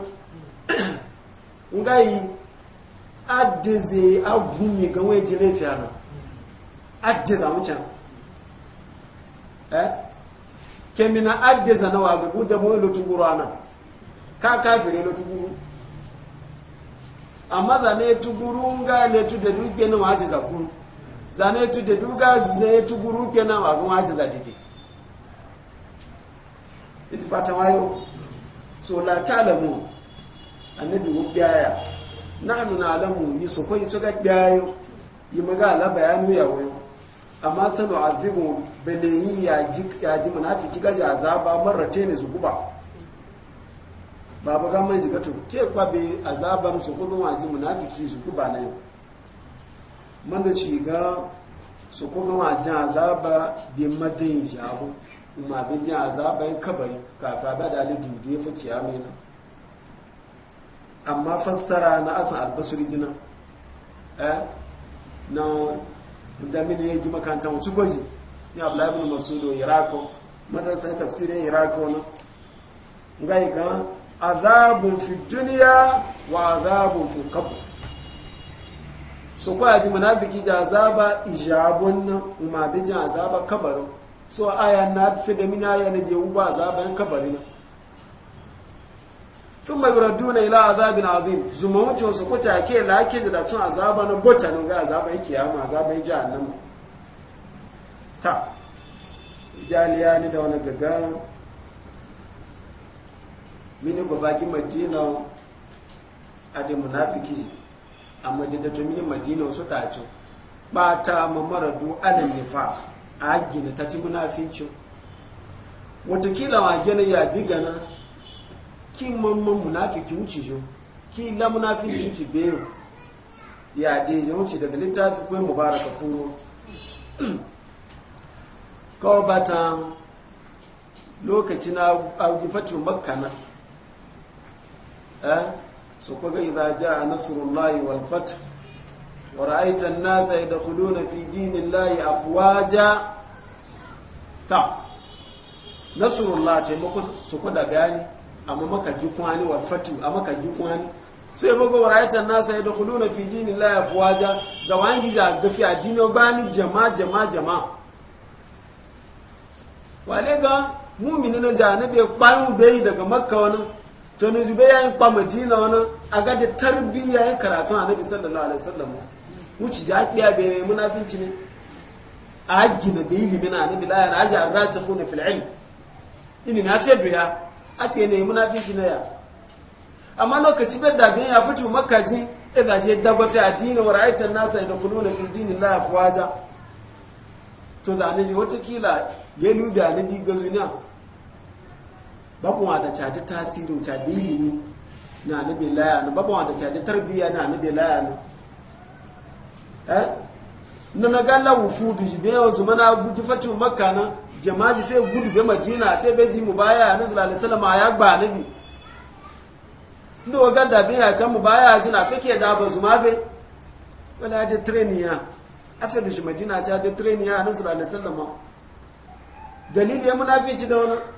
ngayi adeze agunmi gawo eji laifi ana adeza mucan eh kemina adeza na wa gugu da bo lo tuguru ana ka kafire lo tuguru amma da ne tuguru nga ne tu da duk gena wa ji zakuru zane tu da duka zai tu guru kenan a kuma haji zati ke ita fata wayo so la talamu annabi wo na nahnu yi yiso ko yito ga biayo yimaga la bayanu ya wayo amma sanu azibu yi ya ji ya ji munafiki ga azaba marrate ne zuguba baba ga mai jigatu ke kwabe azaban su ko ga waji munafiki zuguba na yau man shiga su kuma ma jin azaba bin madin jahu ma bin jin azaba yin kabari kafa ba da alidu da ya fi ya mena amma fassara na asan albasuri jina eh na da mini ya ji makantan wuce gwaji ya abu labin masu da irako madarsa ya tafsirin irako na ga azabun fi duniya wa azabun fi kabur so kwa ji munafiki ja azaba ijabun nan ma bi ja azaba kabarin so aya na fi da mina ya ne je ba azaba yan kabarin sun mai raduna ila azabin azim zuma wucin su kuce ake lake da tun azaba na bota nan ga azaba yake ma azaba yake nan ta jaliya ni da wani gaga mini babaki madina a da munafiki a madina to mini madina wasu ta ce ba ta ma mara alan nifa a gina ta ci munafinci watakila wa gina ya bi gana ki mamman munafiki wuce jo ki la munafiki wuce beyo ya de wuce daga littafi ko mubaraka furo kawo ba ta lokaci na aljifatu makana na eh so kaga idza jaa nasrullahi wal fath wa ra'aita an-nasa yadkhuluna fi dinillahi afwaja ta nasrullahi taimako su kuda gani amma maka ji kwani wal fatu amma ka ji kwani sai maka ra'aita an-nasa yadkhuluna fi dinillahi afwaja zawangi za gafi adino bani jama jama jama wale ga mu'minin na zanabe bayan bayi daga makka wani to ni zube yayin kwa madina wani a gaji tarbiyya ya karatu a nabi sallallahu alaihi wasallam wuce ji haƙiya a ne munafinci ne a haƙi na bai ilimin a nabi layar a jihar rasu kuna fil'il ilimin hafiya biya ake ne munafinci na ya amma lokaci bai dabin ya fito makaji idan je dabbafi a dini wa ra'aitar nasa da kuno na firdini la ya ja to da ne kila ya lubi a nabi gazuniya babu wa da cadi tasirin cadi ilimi na nabi laya na babu wa da cadi tarbiya na nabi laya eh? na eh na na galla wufudu shi be wasu mana guji fatu makka na jama'i fe gudu be madina fe be ji mubaya na sallallahu alaihi wasallam ya gba nabi ndo waga da be ya can mubaya ji na ke da ba su ma be wala da a afe da shi madina ta da treniya ya na sallallahu alaihi wasallam dalili ya munafici da wannan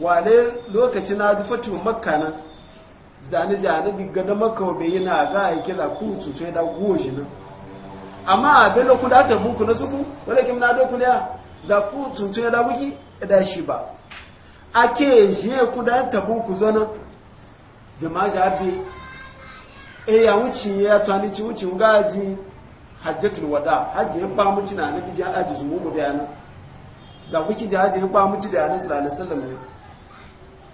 wane lokaci na dufa tu makka nan zane zane bi gada makka wa bai na ga a kira ku cuce da goji nan amma a bai kuda ta buku na suku wale kim na doku ya, da ku cuce da wiki da shi ba a ke shi ku da ta buku zona jama'a bi e ya wuce ya tani ci wuce gaji hajjatul wada hajji ya ba mu tunani bi ji hada zuwa mu bayanan za wiki ki ji hajji ya ba mu tunani sallallahu alaihi wasallam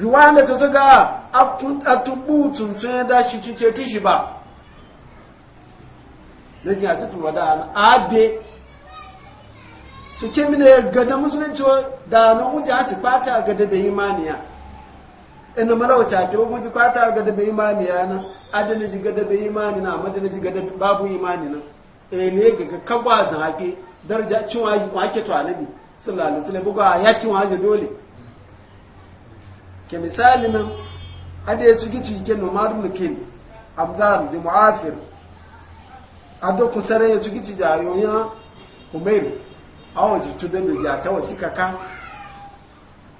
ruwanda ta zaga a tubu tuntun ya dashi cuce tishi ba na ji a cikin wada an abe tuke mini gada musulunci da na wuce a ci fata gada bai imaniya ina mara wace a tewa guji fata gada bai imaniya na adana ji gada bai imani na madana ji gada babu imani na e ne ga kagwa zan hake daraja cin wake to anabi sallallahu alaihi wasallam buga ya cin waje dole ke misali nan ada ya ciki cike nomad mulkin abdan da mu'afir ado kusare ya ciki ciki ayoyin humair awon jitu da mai jata wasika ka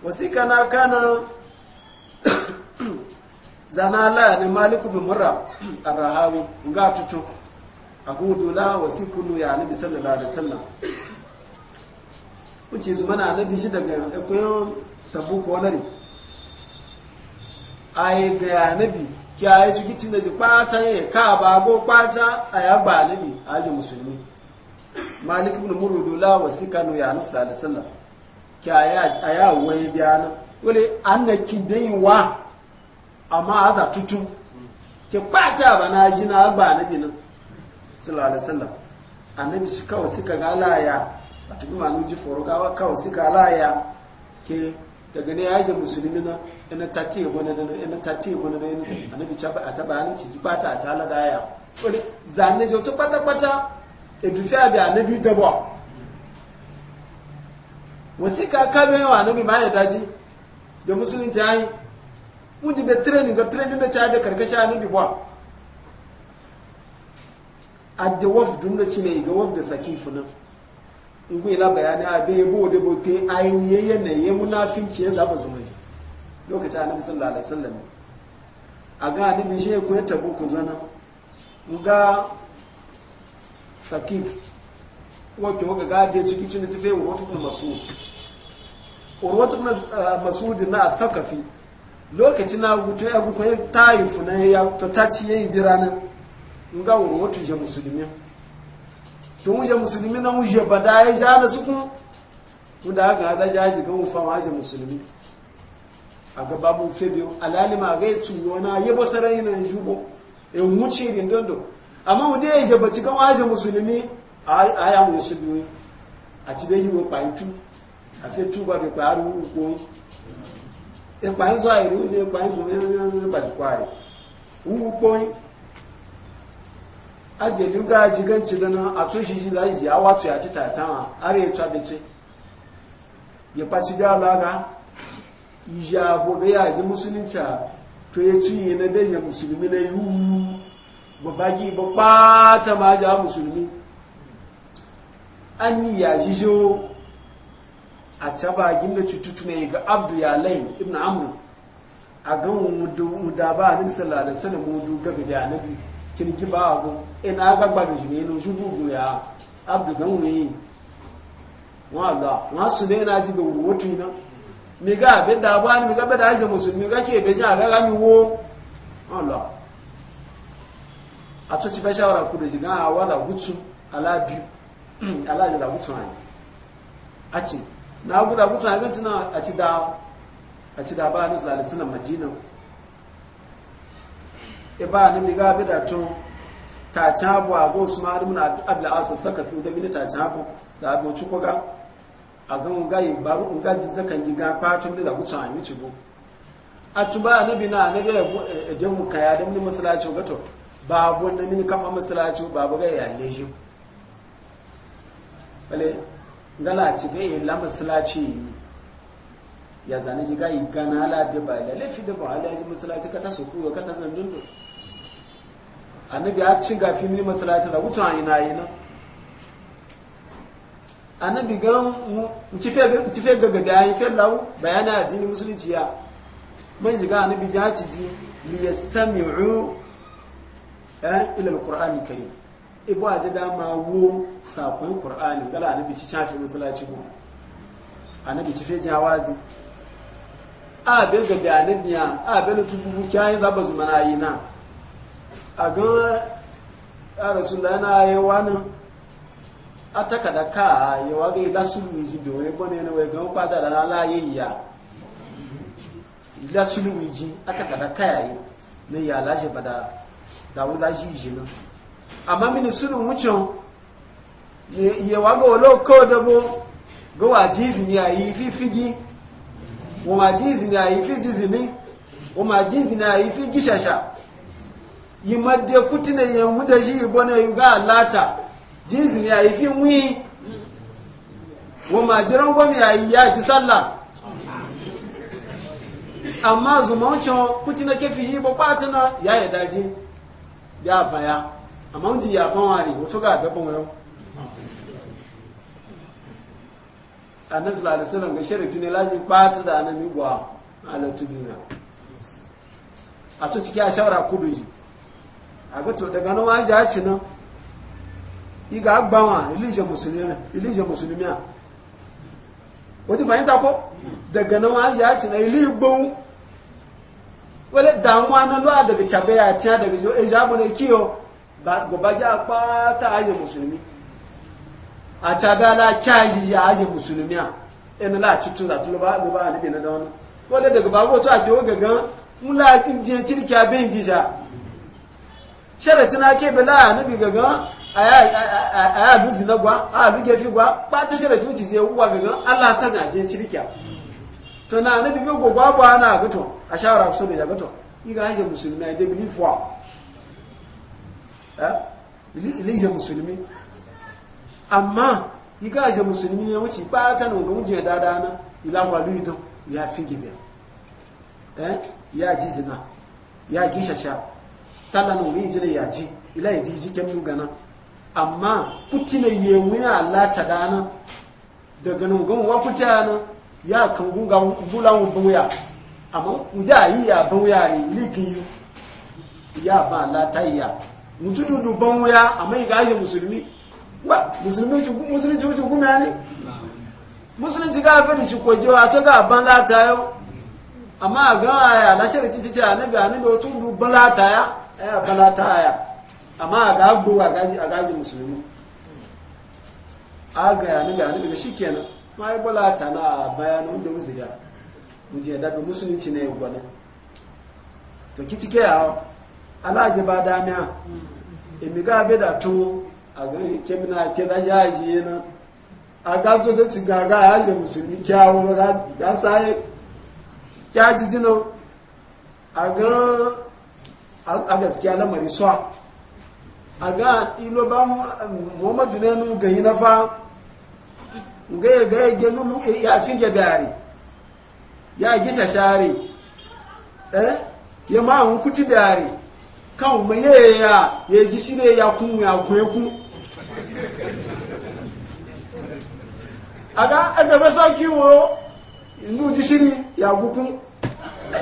wasika na kana zana la ne maliku bin murra arrahawi ga a gudu la wasikunu ya nabi sallallahu alaihi wasallam wuce zuma na nabi shi daga ekwayon eh, tabuko wani ayi ga anabi ki ayi ciki cin da ji kwata ya ka ba go kwata aya ba anabi aji musulmi malik ibn murudu la wasikanu ya nabi sallallahu alaihi wasallam ki aya aya wai biyana wale annaki dai wa amma aza tutu ki kwata ba na ji na ba anabi nan sallallahu alaihi wasallam annabi shi kawai suka ga laya a cikin manu ji foro kawai suka laya ke daga ne yaje musulmi na ina tati yabo na na ina tati yabo na ina annabi chaba a chaba anci ji fata a tala da ya ko Zane je to pata pata e du a da annabi da ba wasika ka be na annabi ma ya daji da musulunci yi, mun ji be training ga training da cha da karkashin annabi ba adda wafdun da cine ga da sakifu nan igwe la bayani a bai yabo da bote ainihin yanayin munafinci ya ah, zaba zuwa lokaci lokacin annabi sallallahu alaihi wasallam a ga bi shi ko ya tabo ku zana ga sakif wato ga ga da ciki cin tafe wa wato kuma masud kuma masu ah, masud na thaqafi lokaci na gutu ya gutu ya yi na ya ta taci yayi jirana ga urwatu je musulmi to muje musulmi na muje bada ya ja da suku kun wanda haka hada jaji ga mufa ma je musulmi a ga babu febe alalima ga ya na yi ba sarai na jubo ya wuce rindondo amma wanda ya je baci kan waje musulmi a ya mu biyu a ci bai yi wa kwantu a fe tuba bai kwaru ko e kwanzo a yi ruje kwanzo ajiye ga aji ci a tun shi shi za yi ya wato ya ci are ya tsabe ce ya faci ga alaga ya gobe ya ji musulunci to ya ci yi na daya ya musulmi na yi babagi ba kwata ma ja musulmi an ni ya jijo a caba da cututu ne ga abdu ya lain ibn amur a gan mu da ba a nisan lalasa da mu gabi da anabi kiriki ba abu ina ga gbadu shi ne lo shubu bu ya abdu gan ne wala ma su ne na ji be wotu ina mi ga be da ba ni mi ga be da je musulmi ga ke be ja ga mi wo wala a to ti be shawara ku da ji wa wala gutsu ala bi ala ji da gutsu ani a ci na guda gutsu abinci na a ci da a ci da ba ni sallallahu alaihi wasallam madina ba ni mi gabi da tun ta ci abu a gosu ma ma'adu muna abu asu saka fi da mini ta ci abu sabo ci koga a gan gayi baru in gaji zakan giga fatun da zagu a yi cibo a ci ba ni na ni ga e, e, jefu kaya da mini masalaci gato babu na mini kafa masalaci babu ga ya shi wale ngala ci ga yi la masalaci ya zane ji ga yi gana la da ba la lafi da ba ala ji masalaci ka ta soku ka ta zan dundu annabi ya ci gafi mini masalata da wucin hanyar na yi nan annabi gan ci fe gaga da yayin fiye lawo bayana addini musulunci ya mai jiga annabi ji haci ji liyastami'u eh ila alqur'ani karim ibu a da ma wo sakon kur'ani gala annabi ci chafi masallaci ko annabi ci fe jawazi a belga da annabi ya a belga tubu kyayin zaba zumana yi na a ga a rasulullah na yi wani ataka takada ka yi wa ga ila sulu yi jibi wani gbani na wai gan kwada da na laye ya ila sulu yi ji a takada ka ya yi na ya lashe ba da dawo za shi ji nan amma mini sulu wucin yi wa ga wani kawo dabo ga wajizi ne a yi fi fifigi wa majizi ne a yi fi fijizini wa majizi ne a yi fi gishasha yi madde kutina ya muda shi bane yi ga lata jinsi ya yi fi wi wa majiran gwami ya yi ya ti salla amma zumaucin kutina kefi yi ba patina ya yi daji ya baya amma wunji ya ban ne wato ga gaban yau annabi sallallahu alaihi wasallam ga sharati ne laji kwata da annabi gwa ala tudina a so ciki a shawara kudu yi aga daga nan waje ya ci nan iga agbawa ilijin musulmi musulmi a wata fahimta ko daga nan waje ya ci nan wale damuwa na lọ́wọ́ daga cabe ya tiya daga jo eji abu na kiyo musulmi a cabe ala kyaji ya musulmi a ina la tutu da wani wale daga a kebe na ke bela annabi gaga aya du zina gwa a du gefi gwa ba ta sharati wuce je uwa gaga Allah san a je cirkiya to na annabi go gwa ba na gato a shawara so da gato iga haje musulmi da belief wa eh ilije musulmi amma iga haje musulmi ne wuce ba ta no ga wuje dada na ila kwa du ido ya fi gibe eh ya ji zina sala na wuri ya ji ila yadi jikin gana amma kutina yewu ya Allah ta dana daga nan gun wa kutana ya kan gunga bulan buya amma uja yi ya buya ni liki ya ba Allah ta mutu dudu ban wuya amma ga yi musulmi wa musulmi ci musulmi ci ne musulmi ci ga fa ni ci ko jiwa ta ga ban lata yau amma ga ya la shari'a ci ci annabi annabi wato du ban lata ya aya eh, bala ta haya amma a ga abu a gaji musulmi a ga yana da yana daga shi kenan ma yi bala ta na bayanin da musu da muje da bi musulunci ne gwanin to ki cike ya alaji ba damiya emi ga be da to a ga kemina ke da jaji yana a ga to to ci ga ga ya musulmi kyawo ga ga sai kyaji jino a ga a gaskiya na mariswa a ga ilo ba muhammadu ne nu gayi na fa ga ya ga ya ge lulu eh, ya cin ge gari ya gisa share eh ya ma hun kuti gari kan mu ye ya ya ji sire ya kun ya gweku aga aga ba sa kiwo ndu ji shiri ya gukun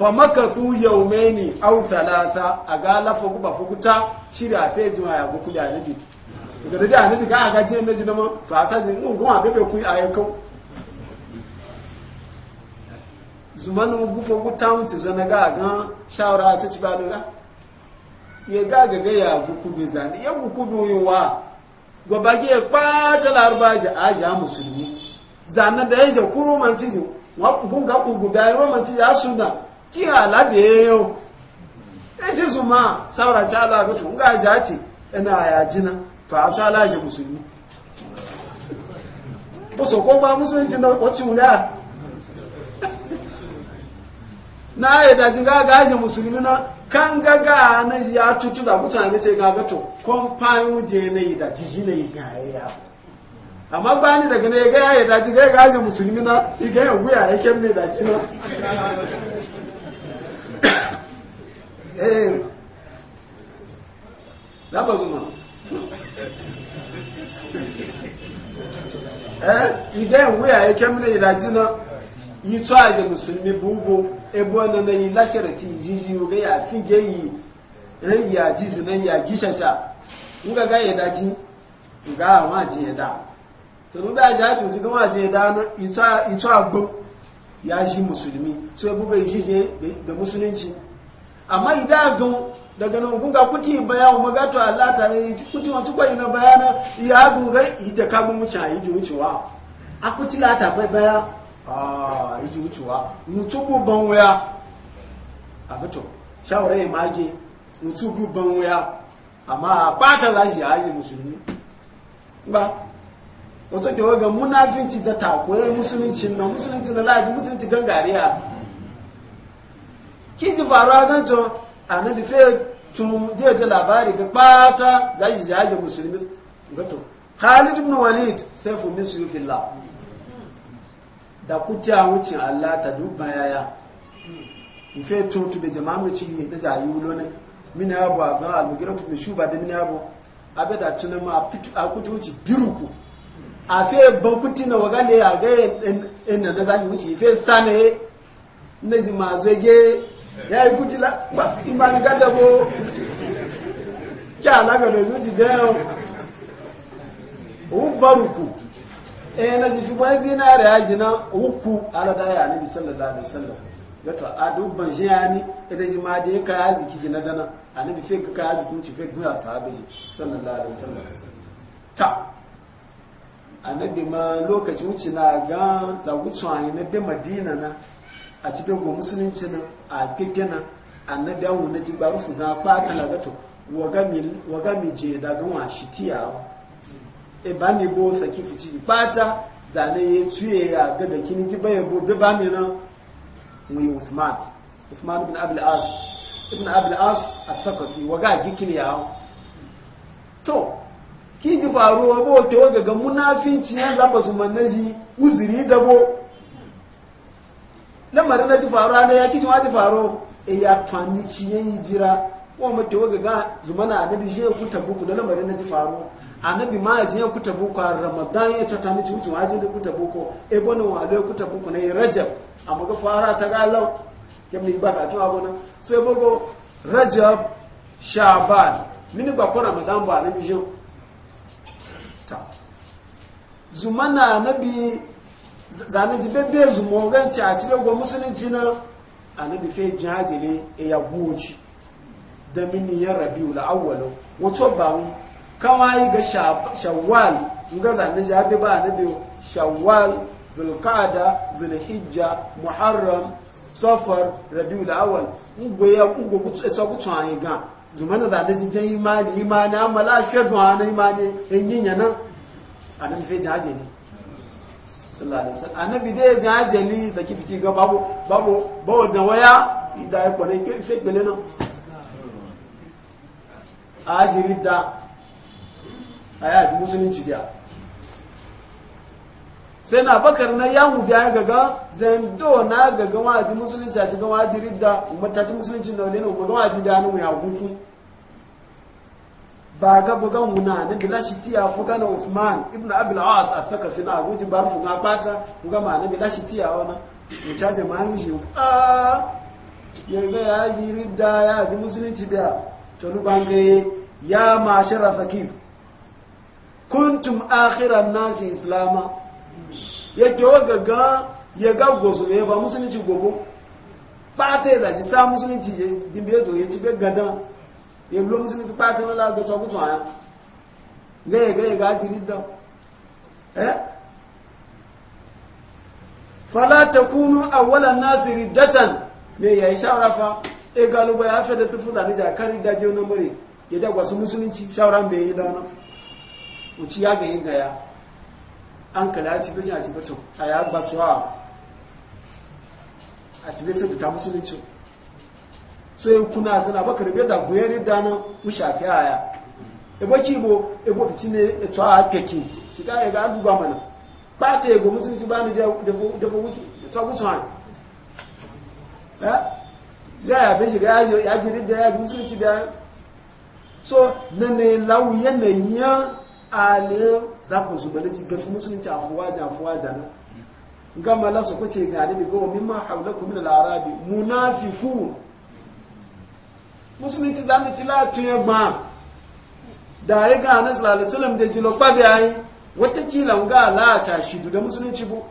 fa makasu yaumaini aw salasa ga lafa guba fukuta shirya fejin aya gukuli anabi daga da anabi ga aga jin naji na nama to asaji ngun a bebe ku aya ko zumanu gufa guta wuce zana ga ga shawara a cici ba nuna ya ga gaga ya gukube zane ya gukube wa gwabage kpata larba aji aja musulmi Zane da ya je kuru manci ji wa kun ga ya gubai romanci ya suna kí àlábẹ̀ yóò ẹ̀ṣẹ́ sùn máa sáwọ́rà tí aláàgbẹ̀tù ń gáà já ẹna àyàjínà fàáṣọ́ aláàṣẹ musulmi bó kó bá musulmi ti náà na ya daji gagajin musulmi na kan gaga na ya tutu da mutane ce gagato kwamfayin je na yi daji shi na yi gaya amma bani daga na ya gaya ya musulmi na igayen guya ya kemme daji eh da ba zuma eh idan wuya yake mun idaji na yi tsaje musulmi bugo ebo na na yi lasharati jiji ga ya finge yi eh ya jisi nan ya gishasha nga ga ya daji nga ma ji ya da to ya da na ya musulmi so amma idan ga daga nan gunga kuti baya magato Allah ta ne kuti wancu kwa na bayana ya gunga ita ka mu mucha yi ji wucewa a kuti la ta bai baya a yi ji wucewa mutu bu ban waya a bato shawara ya mage mu tubu ban waya amma ba ta za ya yi musulmi ba wato ke waga munafinci da takoyar musulunci na musulunci na laji musulunci gangariya ki ji faruwa gan cewa annabi fe tun jiya labari ga ɓata za shi musulmi gato khalid ibn walid sẹ́fù musulmi fi dàkú da kuja wucin allah ta dubba yaya in tún tun tube jama'a ci da jayi wulo ne min ya bu ga almugira tube shuba da min ya bu da ma a biruku a na wagale a ga ci sane ne zo ya yi kuti la ba ma ni ka kya la ga do ju ti u baruku e na ji ju ban zina re a jina u ku ala da ya ni bi sallallahu alaihi wasallam ga to a du ban je ya ni ida ji ma de ka aziki jina dana ani bi fe ka aziki ci fe guya sahabi sallallahu alaihi wasallam ta anabi ma lokacin wuce na ga tsagucin ayi na bi madina na a cikin go musulunci nan a gaggana annabi awon na ji barufu na ɓata lagato wa mi je daga wa shi tiya e ba mi bo saki fici ɓata zane ya tuye ya ga da kini giba ya bo bi ba mi nan mu yi usman usman ibn abul as ibn abul as al-thaqafi waga gikini ya to ki ji faruwa bo to gaga munafinci ya zaba su mannaji uzuri dabo lamarin na ji faru ranar eh, ya kicin wata faru e ya tani ci ya yi jira kuma mata waga ga zumana annabi je ku tabuku da lamarin na ti faru annabi ma je ku buku a ramadan ya tata mi wucin waje da ku tabuku e eh, bonin wale ku buku na yi rajab amma ga fara ta galau lau ya mai ba da tuwa bonan so ya bago rajab shaban mini ba ko ramadan ba annabi je ta na annabi zane ji bebe zumo ganci a cibe go musulunci na annabi fe jajile e ya goji da mini ya rabiul awwal wato ba mu kawai ga shawwal ga zane ji abi ba annabi shawwal zulqa'da zulhijja muharram safar rabiul awwal ngwe ya ngwe kutsu e so kutsu an ga zumana zane ji jan imani imani amala shedu an imani enyinya na annabi fe jajile sallallahu alaihi wasallam annabi dai jajali zaki fiti ga babu babu bawo da waya idan ya kwane ke shek da lena ajiri da ji musulunci da sai na bakar na ya mu biya gaga zando na gaga waji musulunci a cikin waji ridda matatu musulunci da wani ne ko waji da hannu ya gugu ba ga bugan wuna na bilashi tiya fuga na Uthman ibn Abi al-As afaka fi na ruji ba fuga bata fuga ma na bilashi tiya wana mu caje ma yin shi a ah, ya ga ya ji ridda ya ji musulunci da to lu bangaye ya ma mashara sakif kuntum akhiran nasi islama Ya yake ga ya ga gozo ya ba musulunci gogo ba ta da shi sa musulunci je dimbe to ya ci be gadan yeblo musulmi pati no la go so kutu aya ge ge ga jiri do eh fala takunu awala nasi datan. me ya shawara fa e galu ba afa da sifu da ni ja kari da je no mure ya da gwasu musulunci shawara me yi da no uci ya ga yin gaya an kala ci bijin a ci bato aya gbatsuwa a ci bai fi ta musulunci so yi kuna suna baka rabe da goyari dana mu shafi aya ebo kibo ebo bici ne eto a keke shi ka yaga an ga mana ba ta yago musulunci ba ni da ba wuki eto gutsu hanyar ya ya bin shiga ya jiri da ya ji musulunci da so na ne lawu yanayin ale za ku zuba da gafi musulunci afuwaja afuwaja na gama lasu kwace ga ne ga wa mimma haulakum min al-arabi munafiqun musulmi ti dami ti láàtún yẹn gbọ́n da ya ga hannun sallallahu alaihi da jilo kwabi ayi watakila ga aláàtà shidu da musulunci bu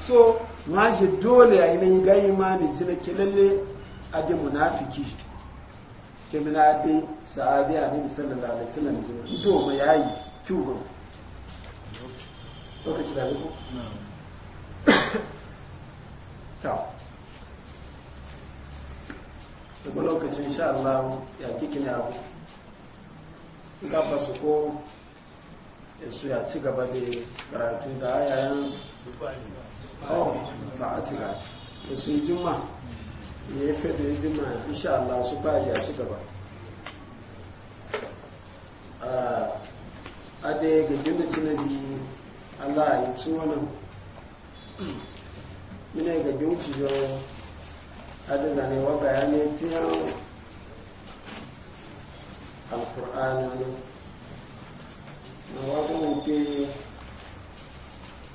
so ma ṣe dole a yi gayi ma ne jina kelele a da munafiki kemina dai sa'abi a nabi sallallahu alaihi wasallam jina eh? ido ma yayi kyuhu lokaci da ko daga lokacin sha Allah ya kiki ne abu kafa su ko su ya ci gaba da karatu da ayayen oh ta a ci gaba da su jima ya yi fede ya jima sha Allah su ba ya ci gaba ah, a da ya gajin da ji Allah ya yi tsuwanan muna gajin cijo هذا يعني وبيانيتها القرآن وقوم في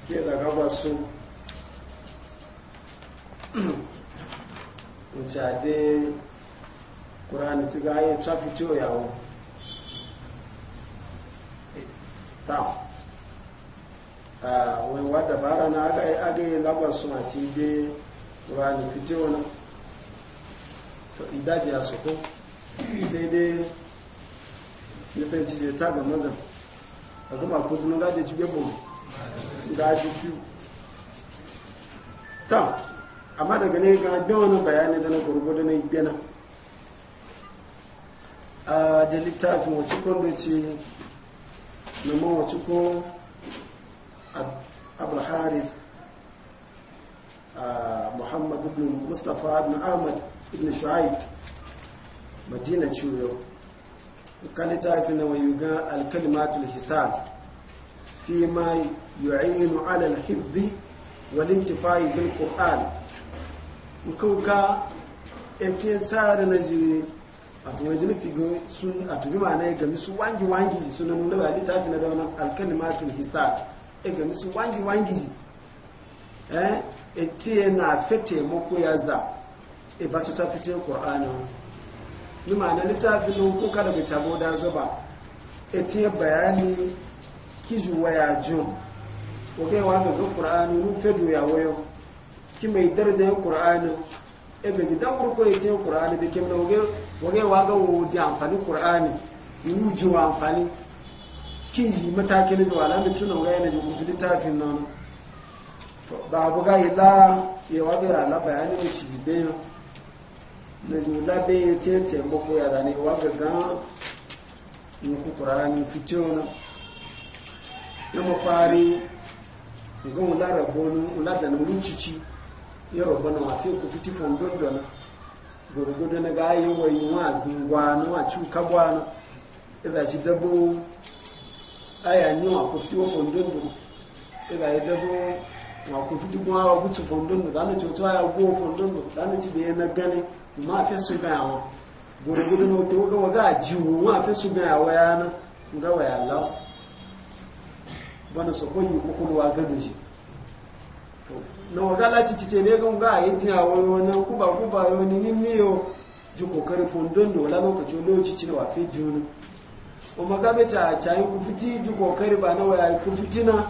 كذا قبصوا وشعدي قرآن تقاية تشافتو يا tam wani wadda bara na aga yi lagos suna ci be ruwa ne fito to idaji ya soko sai dai nufanci ce ta ga mazan a kuma ko kuma gaje ci gefo ake ci ta amma daga ne ga da wani bayani da na da na gana a da littafin wacce da ce na wacce ko abulharif muhammadu bin mustapha ibn ahmad ibn shu'aib madina chuyo kan tafi na wayuga al-kalimatul hisab fi ma yu'inu ala al-hifzi wal intifai bil qur'an ukuka ete tsara na ji a tuwa jini figo sun a tuwi ma na ya gami su wangi wangi sunan da ba littafi na daunan alkalimatul hisab ya e gami su wangi wangi eh ete na fete ko ya za e ta fite ƙur'ani ni ma na littafi no ko kada ga tabo da zuba e bayani kiju waya jun ko wa ga ƙur'ani nu fedu ya wayo ki mai darajar qur'ani e ga ji dan ko e da oge oge wa ga wo di amfani nu ju amfani matakin da wala ga yana littafin nan ila ya wa ga la bayani ne shi na ji labe ya ce taimako ya zane wa gaga in ku ƙura'ani fito na ya mafari ga wula rabonu wula da na wucici ya rabonu a fi fiti fondon dona gwargwado na ga yi wa yi wa na wa cuka gwana ila shi dabo wa ku fiti wa fondon dona ila ya dabo wa ku fiti kuma wa guci fondon dona da na cuta ya go na gani. ma fi su ga awon gurgudu na to ga waga jiwo ma fi su ga awa yana ga waya Allah bana so ko yi kokulu wa gado shi to na waga lati cice ne ga ga yi ji awon wannan kuba kuba yo ni ni ne yo ju kokari fondon do la lokaci lokaci cin wa fi juna o maga be ta ta yi ku fiti ju kokari ba na waya ku fitina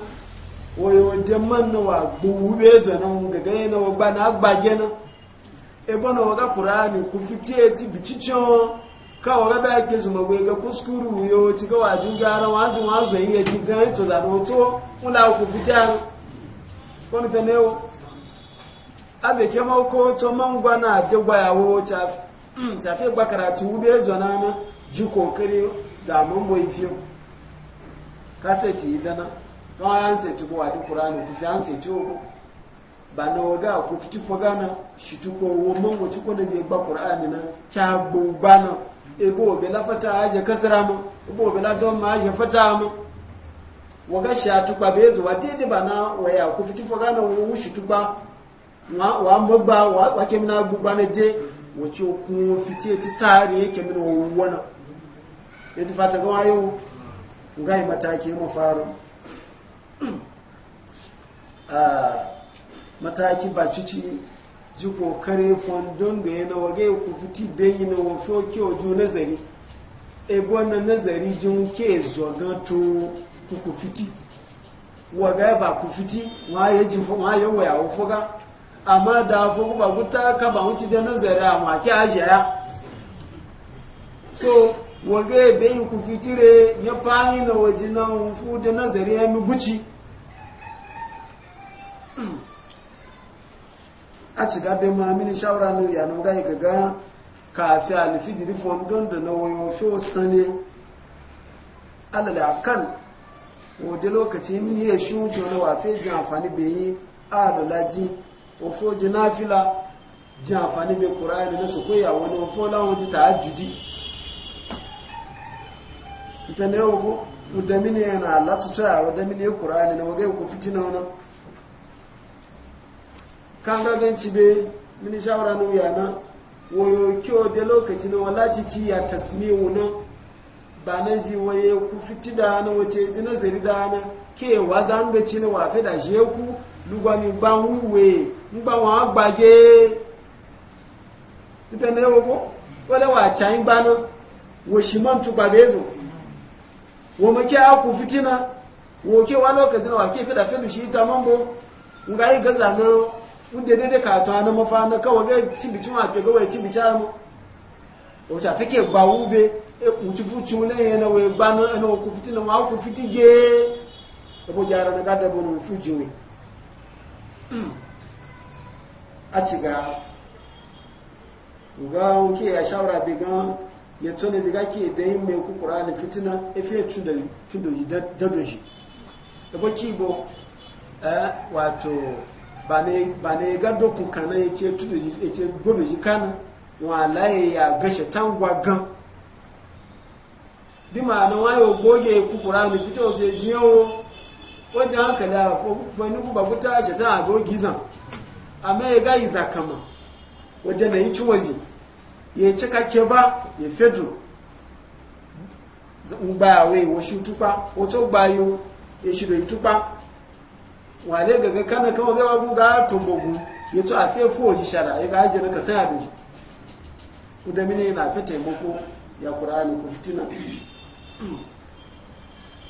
wayo jamman na wa buwe da nan ga ga na wa ba na agbage na ebona waga qur'ani ku fitiyeti bichicho ka waga ba yake zuma gwe ga kuskuru yo ci ga wajin gara wajin wazo yi yaji ga to da roto mula ku fitan abe ke ma ko to mangwa na de gwa ya wo cha hmm, cha fe gba karatu ube jona na ji kokari za mun ka se ti ba na waga ku fiti faga na shi tuko woman wacce ko da je ba qur'ani na cha gba na e bo be la fata aje kasara mu e bo be la don ma aje fata mu waga sha tukpa be zo wadede ba na waya ku fiti faga na wo shi tukpa wa wa mo wa wa ke mi na gba na de wacce ku fiti ti tare yake mi wo wona e ti fata ga wayo ngai mataki mu faru ah mataki ba cici ji kokare fondon da na wage ku fiti yi na wafo kyau ju nazari ebo na nazari jin ke zoga to ku ku fiti waga ba ku fiti ma ya ji ma ya waya foga amma da fo ba guta ka ba wuci da nazari amma ke ajiya so waga bayi ku fitire ya fani na waje na fu da nazari ya mi guci a ci gabe ma mini shawara no ya no gai gaga kafi alfijiri fon don da na wayo fi o sane alal akan o de lokaci mini ya shi wuce wani wafe ji amfani bai yi a lolaji o fo ji nafila ji amfani bai kurani na su koya wani o fo lawon ji ta ajudi ita ne ko udamini yana latuta udamini ya kurani na wagai ku fitina wani kanga ganci be mini shawara nu na wayo kyo da lokaci na wala cici ya tasmiu na ba nan ji waye ku fiti da na wace ji nazari da na ke wa za mu ci na wafe da je ku lugwa mi ba wuwe n ba wa gbage tipe wa ba na wo tu wo wo ke wa lokaci na wa ke shi gaza na wanda daidai ka ta na mafa na kawai ga cibici ma ke gawai cibici ta fike ba wube e kuci fucu ne yana we ba na ana ku fiti na ma ku fiti ge e bo jara na gada bon fuji we a ci ga ga uke ya shawara bi ga ya tsone diga ke dai me ku qur'ani fitina e fe tunda tunda da doji e bo ki bo eh, ba ne ga kana ya ce tudu ya ce gobe ji kana walaye ya gashe tangwa gan bi ma'ana wayo goge kukura kurani fito sai jiyawo wajen haka da fani ku babu ta ce ta ago gizan amma ya gayi zakama wadda na yi ci waje ya ce kake ba ya fedo ń gba wasu ìwọ̀ṣù wasu ó tó gba ayò wale gaga kana kama ga wagu ga tumbugu yato a fiye fo shi shara ya ga ajira ka sai abin da mini na fe taimako ya qur'ani ku fitina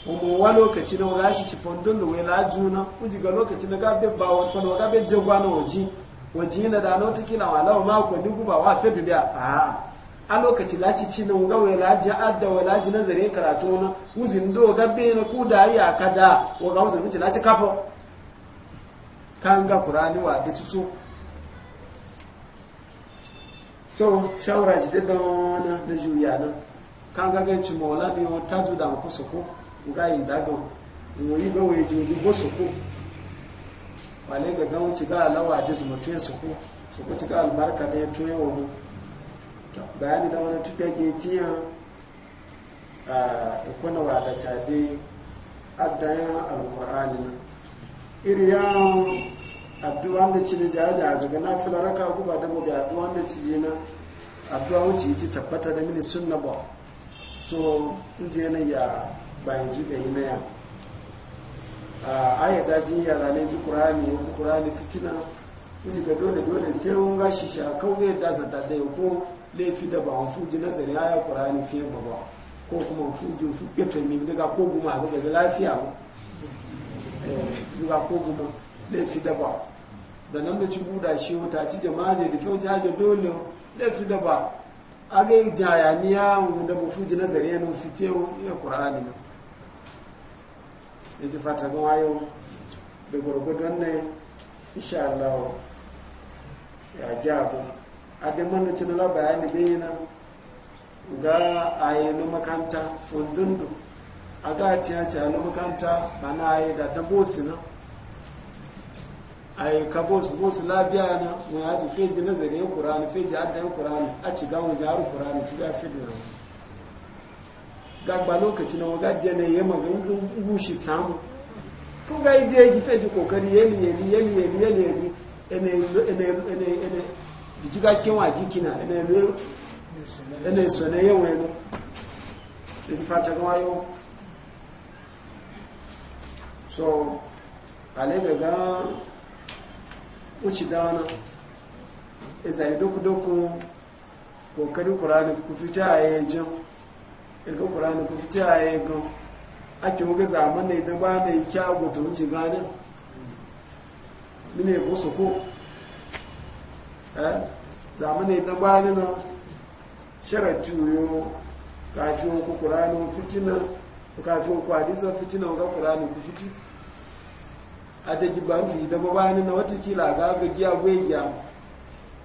kuma wa lokaci na waga shi shi fondon da wela juna ji ga lokaci na gabe ba wa fa wa be jagwa na waji waji na da na tiki na wala ma ku ni guba wa fe biya a a lokaci laci ci na waga wela ji adda wela ji nazare karatu na uzin do gabe na ku da ya kada ga uzin ci laci kafo kanga qur'ani wa da tutu so shawara ji da na da juya na kanga ga ci mola ne wa taju da ku ko. ga yin daga mu yi ga waye juju go soko ne ga ga wuci ga alawa da su mutu soko soko ci ga albarka da ya toye wa mu bayani da wani tuka ke tiya a ikona wa da tabi adayan alqur'ani iriyan addu'an da ci da jaja daga na filaraka raka guba da gobe addu'an da ci jina addu'a wuce ji tabbata da mini sunna ba so in je na ya bayan ji ga yimaya a aya da ji ya ne ji qur'ani ko qur'ani fitina ji ga dole dole sai un ga shi sha kawai da zata da ko laifi da ba an fuji nazari aya qur'ani fiye ba ba ko kuma fuji fu keto mi daga ko guma ga lafiya ba eh, daga ko guma laifi daba da nan da ci buda shi wuta ci jama'a je da fiye caje dole laifi daba a ga yi jayaniya da mafi ji nazari yanin fite ya ƙura'ani nan ya ji fata gawa wayo da gwargwadon ne insha Allah ya ji abu a ga mana ci nala bayani na ga ayyana makanta fundundu a ga tiyace a makanta ba na yi da dabo sinan Ayi ka bos bos labiya na mu ya ji feji na nazari yin qur'ani feji addan qur'ani a ci ga mu jaru qur'ani ci ga feji na gagba lokaci na waga je ne yema ga gushi tsamu ko ga ide ji feji kokari yeli yeli yeli yeli yeli yeli ene ene ene ene biji ga kin wa gikina ene lo ene so ne yewe no ti fata ko ayo so ale ga wuce da wani izali doku-doku kokari kurani ku fita a yajin ga kurani ku fita a yajin ake wuga zaman na yi kyago ta wuce gane mine ko su eh, na sharar juyo kafin ku ku fitina fitina a da giban fi da babani na watakila ga ga giya gwegiya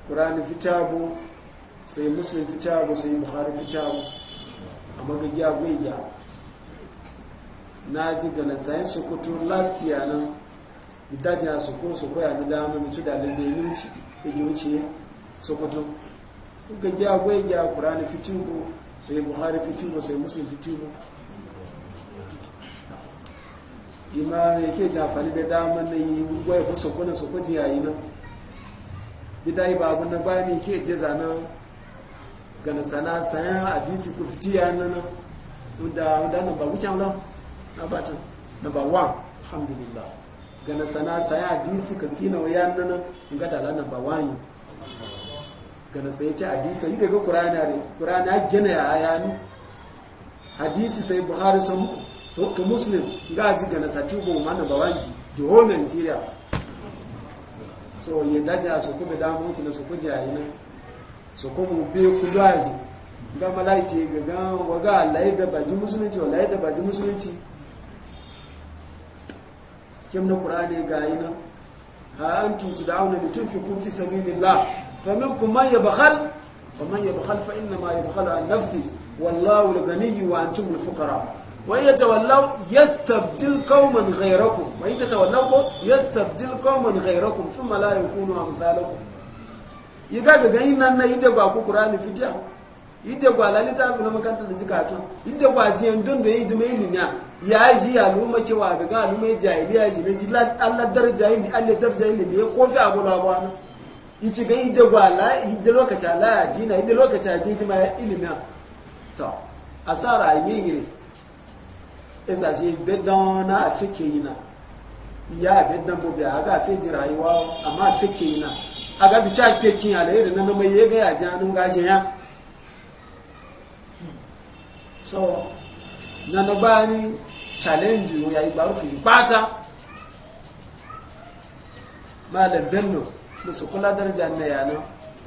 ƙurani fitabu sai muslim fitabu sai buhari fitabu amma ga giya gwegiya na ji da na sokoto last year nan mitaji na soko soko ya gida mai mutu da leze yunci wuce sokoto ga giya gwegiya ƙurani fitabu sai buhari fitabu sai muslim fitabu imana ke jafali bai dama na yi waya ko sokona soko yayi nan bida yi babu na ba ne ke da zana gana sana sayan hadisi ko fitiya na nan wanda wanda na ba wucin lan na batan na ba wa alhamdulillah gana sana a hadisi ka tsina wa na nan ga dala na ba yi gana sai a disi yi daga qur'ani ne qur'ani gina ya ayani hadisi sai buhari sun ko muslim ga ji ga nasati ko ma na bawangi di whole nigeria so ye daja so ko be da mu na so ko jayi na so ko mu be ku daji ga malaiti ga ga wa ga Allah da baji musulunci wa wallahi da baji musulunci kim na qur'ani ga yi na ha antum tud'auna litunfiqu fi sabilillah faminkum man yabkhal wa man yabkhal fa inma yabkhalu an nafsihi wallahu al نفسه wa antum al-fuqara' wai ya tawallau yastabdil qauman ghayrakum wai ta tawallau ko yastabdil qauman ghayrakum thumma la yakunu amsalakum yiga ga ganin nan na yi ba ku qur'ani fitiya yidda ba lalita ku na makanta da jikatu yidda ba jiyan don da yidda mai ninya ya ji al'umma cewa ga ga al'umma jahiliya ji ne Allah daraja yin Allah daraja yin ne a fi abu na ba yici ga yidda ba la yidda lokaci la ji na yi da lokaci ji ma ilimin to asara yayi esa shi bedan na afike yina ya bedan bo bi aga fe ji rayuwa amma afike yina aga bi cha ke kin ala irin nan mai yega ya janun gashin ya so na no ba ni challenge yo ya igba ofi pata malam bello da su kula daraja na yana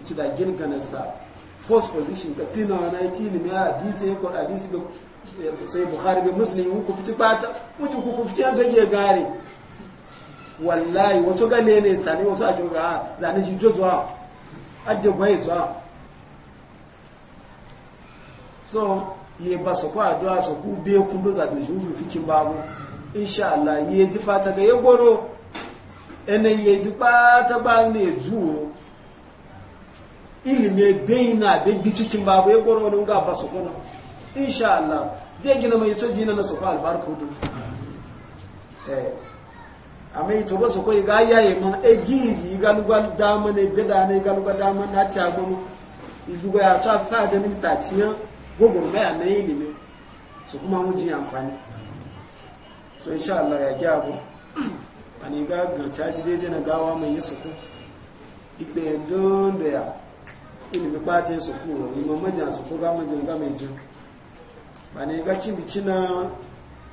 ci da gin ganin sa first position ka tina na itini a hadisi ko hadisi sai bukhari bi muslim ku fiti bata mutu ku ku fiti an zage gare wallahi wato ga ne ne sani wato ajo ga za ne ji jojo adde bai to so ye ba so kwa addu'a so ku be kun do za be juju fikin babu insha Allah ye ji fata ga ye goro ene ye ji fata ba ne juwo ilimi egbe ina abe gbi cikin babu ye goro ne ga ba so kuna insha Allah dia gina mai to jina na sofa albarka hudu eh amai to ba so ko ga yaye ma e gizi ga lugal dama ne gada ne ga dama na ta gomo izuga ya sa fa da min ta ciya gogo mai ne ne ne su kuma mu ji amfani so insha Allah ya ga abu ani ga ga caji daidai na gawa mai yasa ko ikpe don da ya ilimi ba ta yasa ko ne mamajin su ko ga majin ga mai jin bani gaci bicina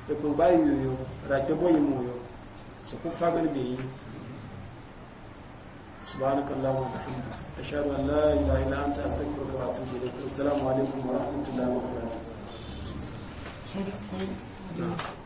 ekun ba yoyo rate bo yimu yo su ku fa gani be yi subhanakallah wa bihamdika ashhadu an la ilaha illa anta astaghfiruka wa atubu ilaik assalamu alaikum wa rahmatullahi wa barakatuh